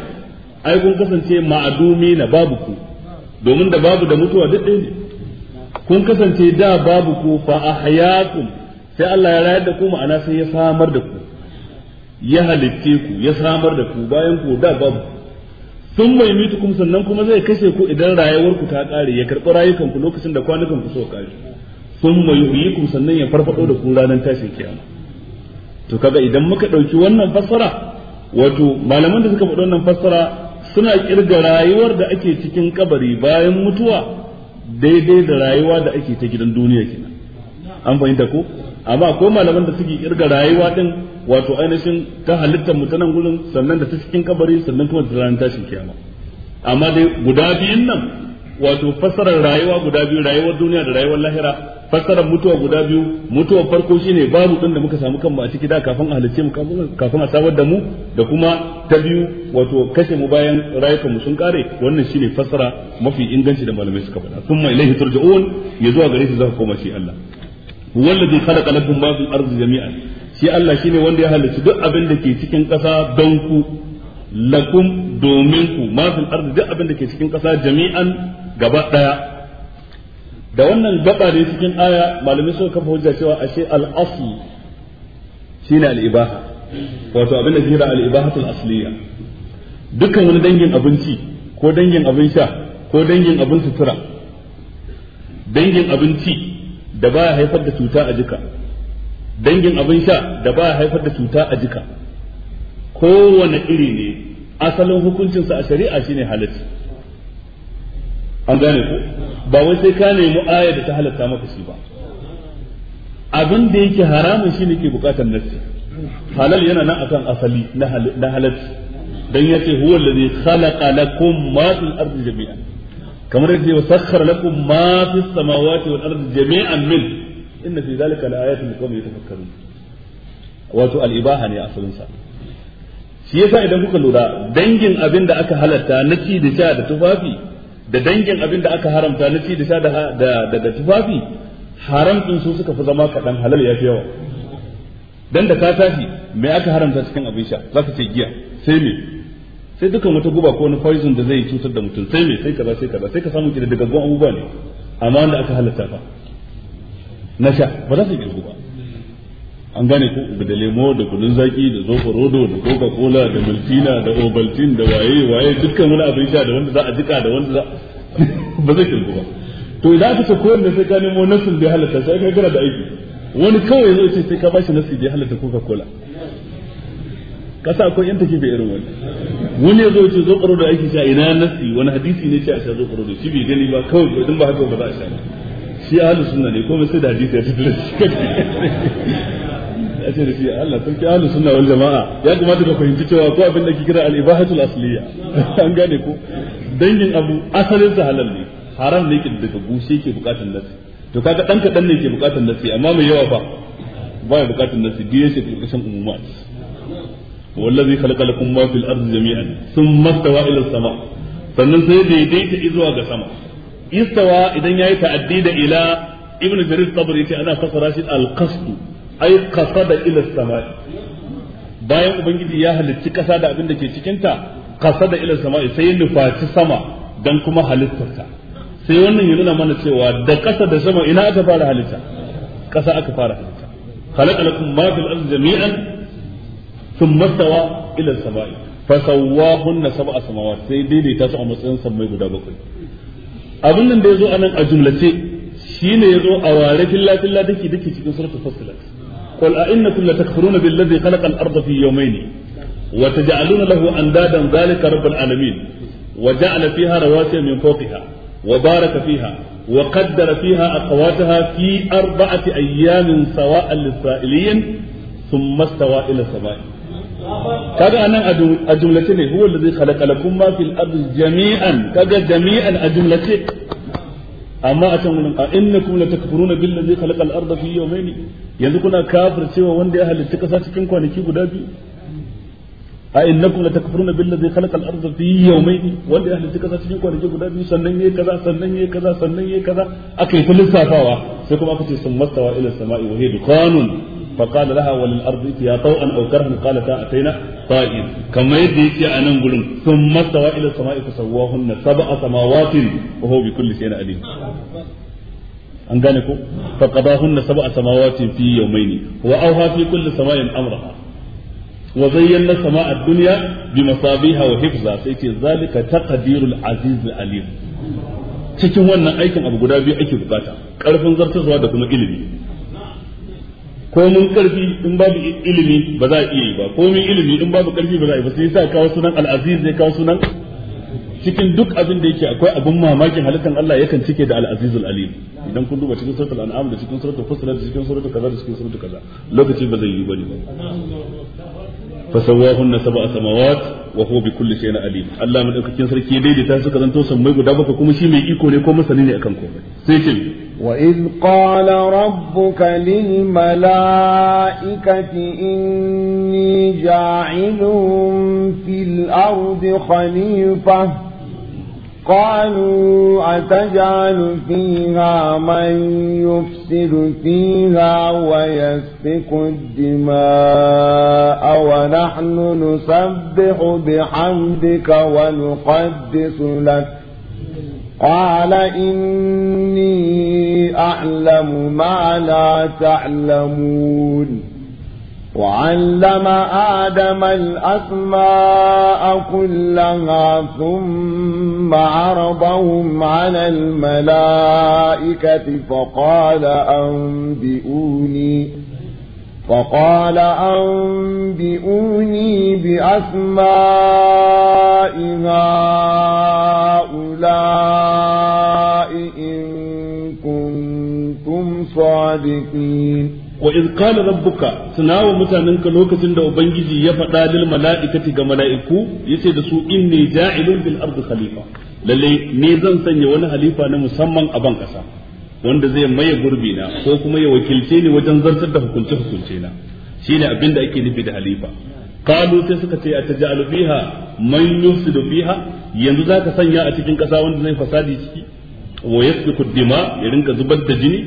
ai kun kasance ma'adumi na babu ku domin da babu da mutuwa duk ne kun kasance da babu ku fa ahyakum sai Allah ya rayar da ku ma'ana sai ya samar da ku ya halitte ku ya samar da ku bayan ku da babu sun mai mitukum sannan kuma zai kashe ku idan rayuwar ku ta kare ya karɓi rayukanku ku lokacin da kwanukan ku so kare Sun yuhyikum sannan ya farfado da ku ranar tashin kiyama to kaga idan muka dauki wannan fassara wato malaman da suka faɗi wannan fassara suna kirga rayuwar da ake cikin kabari bayan mutuwa daidai da rayuwa da ake ta gidan duniya kenan an fahimta ko amma akwai malaman da suke kirga rayuwa din wato ainihin ta halittar mu ta nan gurin sannan da ta cikin kabari sannan kuma da ranar tashin kiyama amma dai guda biyun nan wato fassarar rayuwa guda biyu rayuwar duniya da rayuwar lahira fassarar mutuwa guda biyu mutuwar farko shine babu din da muka samu kanmu a ciki da kafin a halicce mu kafin a sabar da mu da kuma ta biyu wato kashe mu bayan rayuka mu sun kare wannan shine fassara mafi inganci da malamai suka faɗa thumma ilaihi turja'un ya zuwa gare shi za ku koma shi Allah wallazi khalaqa lakum ma fil ardi jami'an shi Allah shine wanda ya halicci duk abin da ke cikin ƙasa don ku lakum domin ku ma fil ardi duk abin da ke cikin ƙasa jami'an gaba daya da wannan gaba ne cikin aya malamai suka kafa hujja cewa ashe al-asl shine al-ibaha wato abin da kira al-ibahatul asliya dukkan wani dangin abinci ko dangin abin sha ko dangin abin sutura dangin abinci da baya haifar da cuta a jika dangin abin sha da baya haifar da cuta a jika kowane iri ne asalin hukuncinsa a shari'a shine halacci an gane ku ba wai sai ka nemi aya da ta halatta maka shi ba abin da yake haramun shi ne ke bukatar nassi halal yana nan akan asali na halatti dan yace huwa allazi khalaqa lakum ma fil ardi jami'an kamar yadda ya sakhkhara lakum ma fis samawati wal ardi jami'an min inna fi zalika laayatin liqaumin yatafakkarun wato al ibaha ne asalin sa shi yasa idan kuka lura dangin abin da aka halatta na ci da sha da tufafi da dangin abin da aka haramta na ci da sha da da tufafi haram din su suka fi zama kaɗan halal ya fi yawa dan da ka tafi me aka haramta cikin abin sha za ka ce giya sai me sai dukan wata guba ko wani poison da zai cutar da mutum sai me sai kaza sai kaza sai ka samu ki da daga abubuwa ne amma wanda aka halatta fa na sha ba za su girgu ba an gane ko da lemo da kunun zaki da zofa rodo da coca cola da multina da obaltin da waye waye dukkan wani abin sha da wanda za a jika da wanda za *laughs* ba zai kirgu ba to idan aka ce koyar da sai ka nemo nasin bai halatta sai ka gara da aiki wani kawai zai ce sai ka bashi nasi bai halatta coca cola kasa akwai yan take bai irin wani wani ya zo ce zo karo da aiki sha ina nasi wani hadisi ne ce a sha zo karo da shi bai gani ba kawai idan ba haka ba za a sha shi ahlu sunna ne komai sai da hadisi ya tafi da shi *laughs* a ce da shi Allah sun ki ahlus sunna wal jamaa ya kamata ka fahimci cewa ko abin da ke kira al ibahatul asliya *laughs* an gane ko dangin abu asalin sa halal ne haram ne ke daga gushe ke bukatun nasi to kaga dan kadan ne ke bukatun nasi amma mai yawa fa ba ya bukatun nasi biye shi karkashin umumat wallazi khalaqa lakum ma fil ardi jami'an thumma stawa ila sama' sannan sai daidaita zuwa ga sama istawa idan yayi ta'addi da ila ibnu jarir tabari yace ana fasara shi al-qasdu ai kasa da ila samai bayan ubangiji ya halicci kasa da abin da ke cikinta kasa da ila samai sai ya nufaci sama dan kuma halittarta sai wannan ya nuna mana cewa da kasa da sama ina aka fara halitta kasa aka fara halitta khalaqa lakum ma fil ardi jami'an thumma stawa ila samai fasawwahunna sab'a samawat sai daidaita su a matsayin sammai guda bakwai abin nan da yazo anan a jumlace shine yazo a ware filla filla dake dake cikin suratul fasilat قل أئنكم لتكفرون بالذي خلق الأرض في يومين وتجعلون له أندادا ذلك رب العالمين وجعل فيها رواسي من فوقها وبارك فيها وقدر فيها أقواتها في أربعة أيام سواء للسائلين ثم استوى إلى السماء kaga anan a jumlace ne huwa allazi khalaqa lakum ma fil ardi jami'an kaga jami'an a jumlace amma a can wurin a kuma innakum latakfuruna billazi khalaqal arda fi yawmayni yanzu kuna cewa wanda ya halitta kasa cikin kwanaki guda biyu a kuma innakum latakfuruna billazi khalaqal arda fi yawmayni wanda ya halitta kasa cikin kwanaki guda biyu sannan yayi kaza sannan yayi kaza sannan yayi kaza akai ta lissafawa sai kuma aka ce sun mastawa ila sama'i wa hiya dukanun فقال لها وللأرض يا طوعا أو كرها قالتا أتينا طائعين كما يدي أنا نقول ثم استوى إلى السماء فسواهن سبع سماوات وهو بكل شيء عليم an gane ko fa qadahunna sab'a samawatin fi yawmayn wa awha fi kulli samayin amraha wa zayyana samaa ad-dunya bi masabiha wa hifza sai ce zalika taqdirul aziz al-alim cikin wannan aikin abu guda biyu ake bukata karfin zartarwa da kuma ilimi komin karfi in babu ilimi ba za a iya yi ba komin ilimi in babu karfi ba za a yi ba sai sa kawo sunan al'aziz zai kawo sunan cikin duk abin da yake akwai abin mamakin halittar Allah yakan cike da al'azizul alim idan kun duba cikin suratul an'am da cikin suratul fusilat da cikin suratul kaza da cikin suratul kaza lokaci ba zai yi bane ba fasawahunna sab'a samawat wa huwa bi kulli shay'in alim Allah madaukakin sarki daidaita su suka zanto sammai guda baka kuma shi mai iko ne ko masani ne akan komai sai ce وإذ قال ربك للملائكة إني جاعل في الأرض خليفة قالوا أتجعل فيها من يفسد فيها ويسفك الدماء ونحن نسبح بحمدك ونقدس لك قال إني أعلم ما لا تعلمون وعلم آدم الأسماء كلها ثم عرضهم على الملائكة فقال أنبئوني فقال أنبئوني بأسماء هؤلاء إن كنتم صادقين وإذ قال ربك سناو متاننك لوكة سند أبنجي يفتا للملائكة كملائكو يسيد سوء إني جاعل في الأرض خليفة للي نيزان سنة ولا خليفة نمسمم أبنكسا wanda zai maye gurbi na ko kuma ya wakilce ni wajen zartar da hukunce hukunce na shine abin da ake nufi da halifa qalu sai suka ce a tajalu fiha man yufsidu fiha yanzu zaka sanya a cikin kasa wanda zai fasadi ciki wa yasfiku dima ya rinka zubar da jini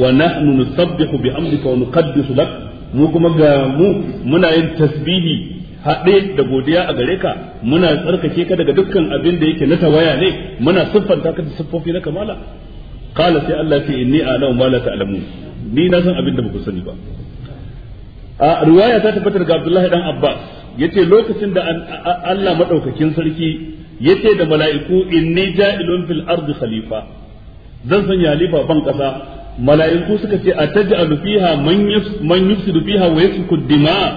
wa nahnu nusabbihu bi amrika wa nuqaddisu lak mu kuma ga mu muna yin tasbihi haɗe da godiya a gare ka muna tsarkake ka daga dukkan abin da yake na tawaya ne muna siffanta ka da siffofi na kamala qala sai Allah ce inni a'lamu ma la ta'lamun ni na san abin da ba ku sani ba a riwaya ta tabbatar ga Abdullahi dan Abbas yace lokacin da Allah madaukakin sarki yace da mala'iku inni ja'ilun fil ardi khalifa zan sanya halifa ban kasa mala'iku suka ce ataj'alu fiha man yufsidu fiha wa yasfiku dima'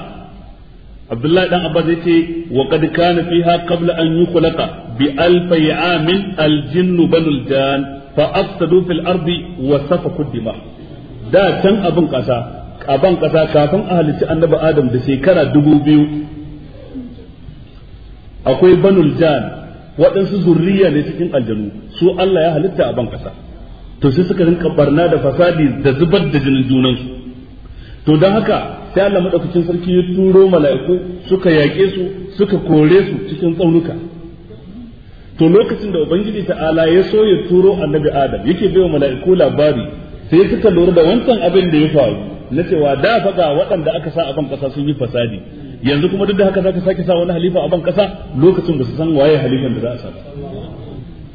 Abdullahi dan Abbas ya ce wa qad kana fiha qabla an yukhlaqa bi alfi amin aljinn banul jan fa afsadu fil ardi wa safaku dima da can abin kasa kaban kasa kafin a halicci annabi adam da shekara dubu biyu akwai banul jan waɗansu zurriya ne cikin aljanu su Allah ya halitta a ban kasa to su suka rinka barna da fasadi da zubar da jinin junansu to don haka sai Allah madaukakin sarki ya turo mala'iku suka yaƙe su suka kore su cikin tsaunuka to lokacin da ubangiji ta'ala ya so ya turo annabi adam yake bai wa mala'iku labari sai suka lura da wancan abin da ya faru na cewa da faga waɗanda aka sa a ƙasa sun yi fasadi yanzu kuma duk da haka zaka sake sa wani halifa a ban ƙasa lokacin ba su san waye halifan da za a sa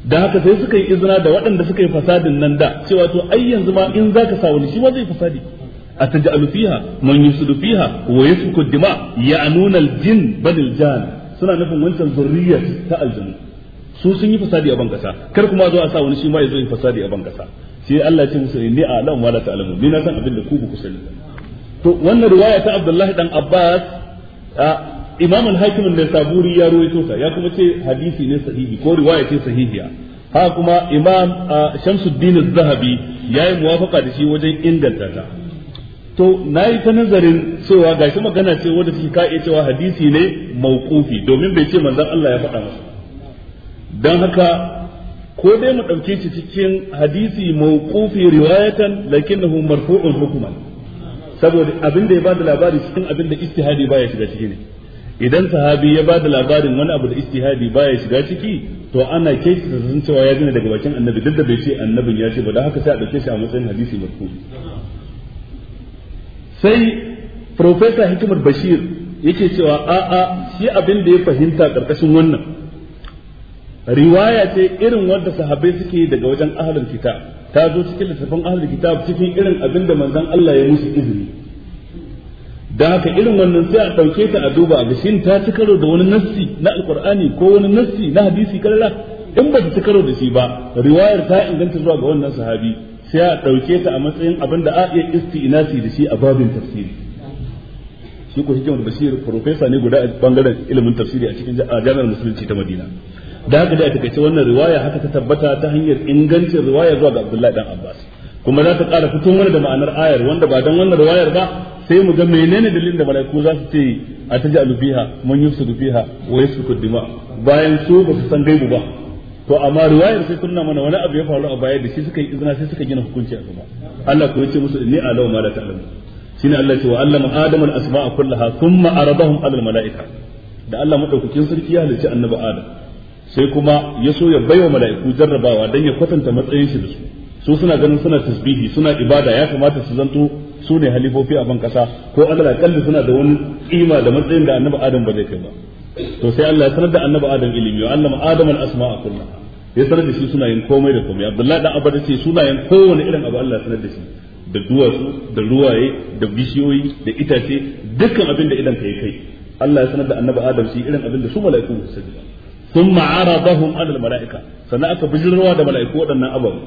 da haka sai suka yi izina da waɗanda suka yi fasadin nan da cewa to ai yanzu ma in zaka sa wani shi ma zai fasadi ataj'alu fiha man yusidu fiha wa yasfiku dima ya'nuna jin jinn bal jan suna nufin wancan zurriya ta aljanu su sun yi fasadi a ban kasa kar kuma zo a sa wani shi ma ya zo yi fasadi a ban kasa sai Allah ya ce musu inni a'lamu ma la ta'lamu ni na san abin da ku ba ku sani to wannan riwaya ta Abdullahi dan Abbas Imam al-Hakim an Saburi ya ruwaito ta ya kuma ce hadisi ne sahihi ko riwaya ce sahihiya ha kuma Imam Shamsuddin al zahabi yayi muwafaqa da shi wajen inganta ta to nayi ta nazarin cewa gashi magana ce wanda take ka cewa hadisi ne mauqufi domin bai ce manzon Allah ya faɗa masa don haka ko dai mu ɗauke shi cikin hadisi mawqufi riwayatan lakinnahu marfu'un hukman saboda abin da ya bada labari cikin abin da istihadi baya shiga ciki ne idan sahabi ya bada labarin wani abu da istihadi baya shiga ciki to ana kai da san cewa ya gina daga bakin annabi duk da bai ce annabin ya ce ba don haka sai a ɗauke shi a matsayin hadisi marfu sai professor hikimar bashir yake cewa a'a shi abin da ya fahimta karkashin wannan riwaya ce irin wanda sahabbai suke daga wajen ahlul kitab ta zo cikin littafin ahlul kitab cikin irin abin da manzon Allah ya musu izini da haka irin wannan sai a dauke ta a duba a shin ta ci karo da wani nassi na alkur'ani ko wani nassi na hadisi karara in ba ta ci karo da shi ba riwayar ta inganta zuwa ga wannan sahabi sai a dauke ta a matsayin abin da a iya isti'nasi da shi a babin tafsiri shi ko hikimar bashir farfesa ne guda a bangaren ilimin tafsiri a cikin jami'ar musulunci ta madina da haka da a ce wannan riwaya haka ta tabbata ta hanyar ingancin riwaya zuwa ga Abdullahi dan Abbas kuma za ta ƙara fito mana da ma'anar ayar wanda ba dan wannan riwayar ba sai mu ga menene dalilin da malaiku za su ce a taj'alu fiha man yufsidu fiha wa yasfiku dima bayan su ba su san gaibu ba to amma riwayar sai sunna mana wani abu ya faru a baya da shi suka yi izina sai suka gina hukunci a gaba Allah ko yace musu inni alau ma la ta'lamu shine Allah ya ce wa allama adama al-asma'a kullaha thumma aradahum ala al-mala'ika da Allah madaukakin sarki ya halice annabi Adam sai kuma ya so ya baiwa mala'iku jarrabawa dan ya kwatanta matsayin shi da su su suna ganin suna tasbihi suna ibada ya kamata su zanto su ne halifofi a ban kasa ko Allah kalli suna da wani kima da matsayin da annabi Adam ba zai kai ba to sai Allah ya sanar da annabi Adam ilimi wa allama Adam al-asma'a kullu ya sanar da shi yin komai da komai Abdullahi dan Abdullahi ce yin kowane irin abu Allah ya sanar da shi da duwatsu da ruwaye da bishiyoyi da itace dukkan abin da idan ka yi kai Allah ya sanar da annabi Adam shi irin abin da su mala'iku su sani thumma aradahum ala almalaika sannan aka bijirwa da malaiku waɗannan ababu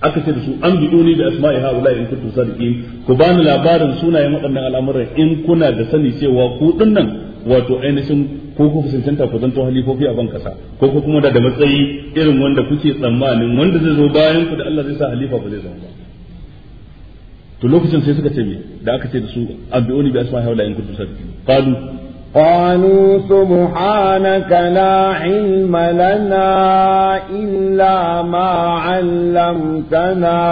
aka ce da su an biduni da asma'i ha haula in kuntum sadiqin ku bani labarin sunayen waɗannan al'amuran in kuna da sani cewa ku dinnan wato ainihin ko ku kusantanta ku zanto halifofi a ban kasa ko ku kuma da matsayi irin wanda kuke tsammanin wanda zai zo bayan ku da Allah zai sa halifa ba zai zama ba to lokacin sai suka ce me da aka ce da su abbiuni bi asma'i haula in kuntum sadiqin qalu قالوا سبحانك لا علم لنا إلا ما علمتنا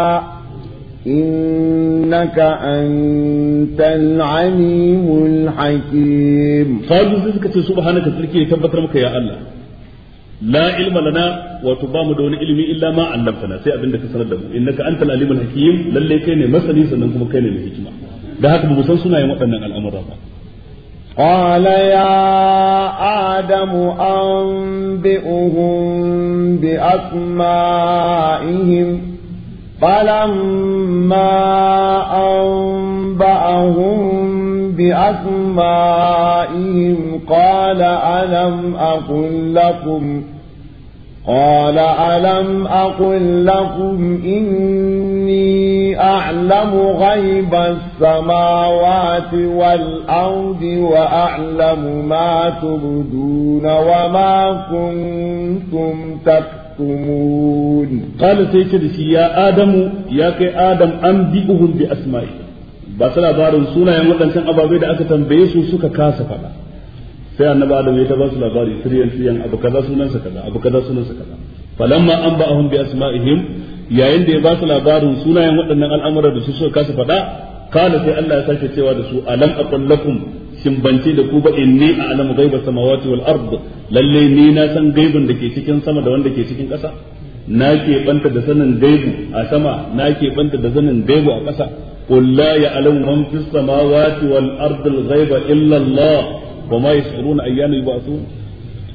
إنك أنت العليم الحكيم قالوا سبحانك سبحانك تركي تبتر مك يا الله لا علم لنا وتبام دون علمي إلا ما علمتنا سيأبن لك سنده إنك أنت العليم الحكيم للي كيني مسلي سننكم كيني الحكمة ده هكذا بسنسنا يا مؤمن الأمر رابع قال يا آدم أنبئهم بأسمائهم فلما أنبأهم بأسمائهم قال ألم أقل لكم قال ألم أقل لكم إني أعلم غيب السماوات والأرض وأعلم ما تبدون وما كنتم تكتمون قال سيكد يا آدم يا كي آدم أنبئهم بأسمائهم بس لا بارن سونا يا مدن سن أبا بيد أكتن بيسو سكا كاسفا sai annabi adam ya ta ba su labari siryan siryan abu kaza sunansa kaza abu kaza sunansa kaza falamma an ba ba'ahum bi asma'ihim yayin da ya ba su labarin sunayen waɗannan al'amuran da su suka kasa faɗa kana sai Allah ya sake cewa da su alam aqul lakum shin da ku ba inni a a'lamu ghaiba samawati wal ard lalle ni na san gaibin da ke cikin sama da wanda ke cikin ƙasa na ke banta da sanin gaibu a sama na ke banta da sanin gaibu a ƙasa qul la ya'lamu man fis samawati wal ard al ghaiba illa Allah wa ma yashuruna ayyana yubasu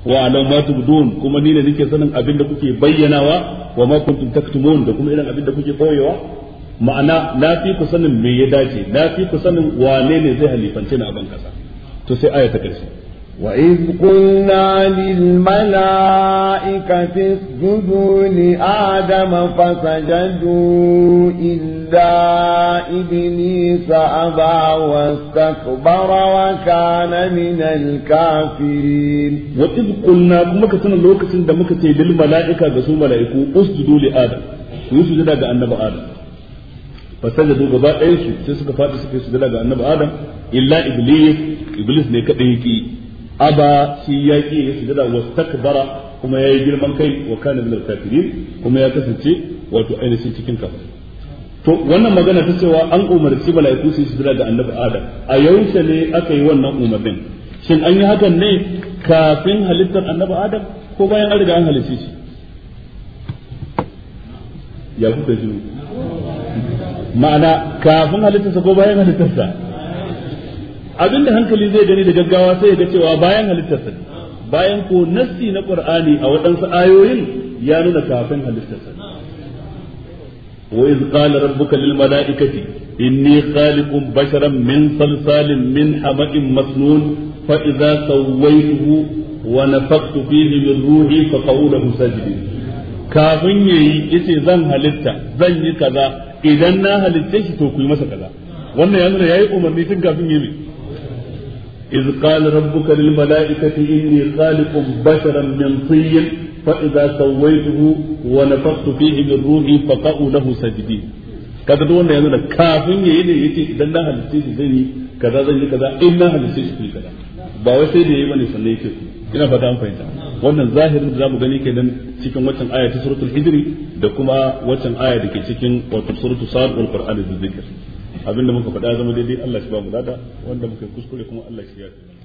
wa alam ma tubdun kuma ni ne nake sanin abin da kuke bayyanawa wa ma kuntum taktumun da kuma irin abin da kuke koyewa ma'ana na fi ku sanin me ya dace na fi ku sanin wane ne zai halifance ni a ban kasa to sai aya ta karshe وإذ قلنا للملائكة اسجدوا لآدم فسجدوا إلا إبليس أبى واستكبر وكان من الكافرين وإذ قلنا كما كتنا لوكة دمك للملائكة قسو ملائكو اسجدوا لآدم ويسجد لك أنب آدم فسجدوا قبائل سيسك فاتسك يسجد لك أنب آدم إلا إبليس إبليس نكتهكي aba shi ya ki ya sujada wa takbara kuma ya yi girman kai wa kana minal kafirin kuma ya kasance wato ainihin cikin kafir to wannan magana ta cewa an umarci mala'iku su sujada ga annabi adam a yaushe ne aka yi wannan umarnin shin an yi hakan ne kafin halittar annabi adam ko bayan an riga an halice shi ya kuka ji ma'ana kafin halittarsa ko bayan halittarsa abinda hankali zai gani da gaggawa sai ga cewa bayan halittar Sani, bayan ko nassi na qur'ani a waɗansu ayoyin ya nuna kafin halittar ne wa iz qala rabbuka lil mala'ikati inni khaliqun basharan min salsalin min hama'in masnun fa idza sawaytuhu wa nafakhtu fihi min ruhi fa qawluhu sajidin kafin yayi yace zan halitta zan yi kaza idan na halitta shi to ku yi masa kaza wannan ya nuna yayi umarni tun kafin yayi إذ قال ربك للملائكة إني خالق بشرا من طين فإذا سويته ونفخت فيه من روحي فقعوا له ساجدين kaga duk wanda yanzu da kafin yayi ne yace idan na halitta shi zan yi kaza zan yi kaza in na halitta shi kaza ba wai sai da yayi bane sannan yake ina fata an fahimta wannan zahirin da zamu gani kenan cikin waccan aya ta suratul hijri da kuma waccan aya da ke cikin wato suratul sad wal qur'an zikr abinda muka faɗa zama daidai Allah shi ba mu dada wanda muka kuskure kuma Allah shi ya fi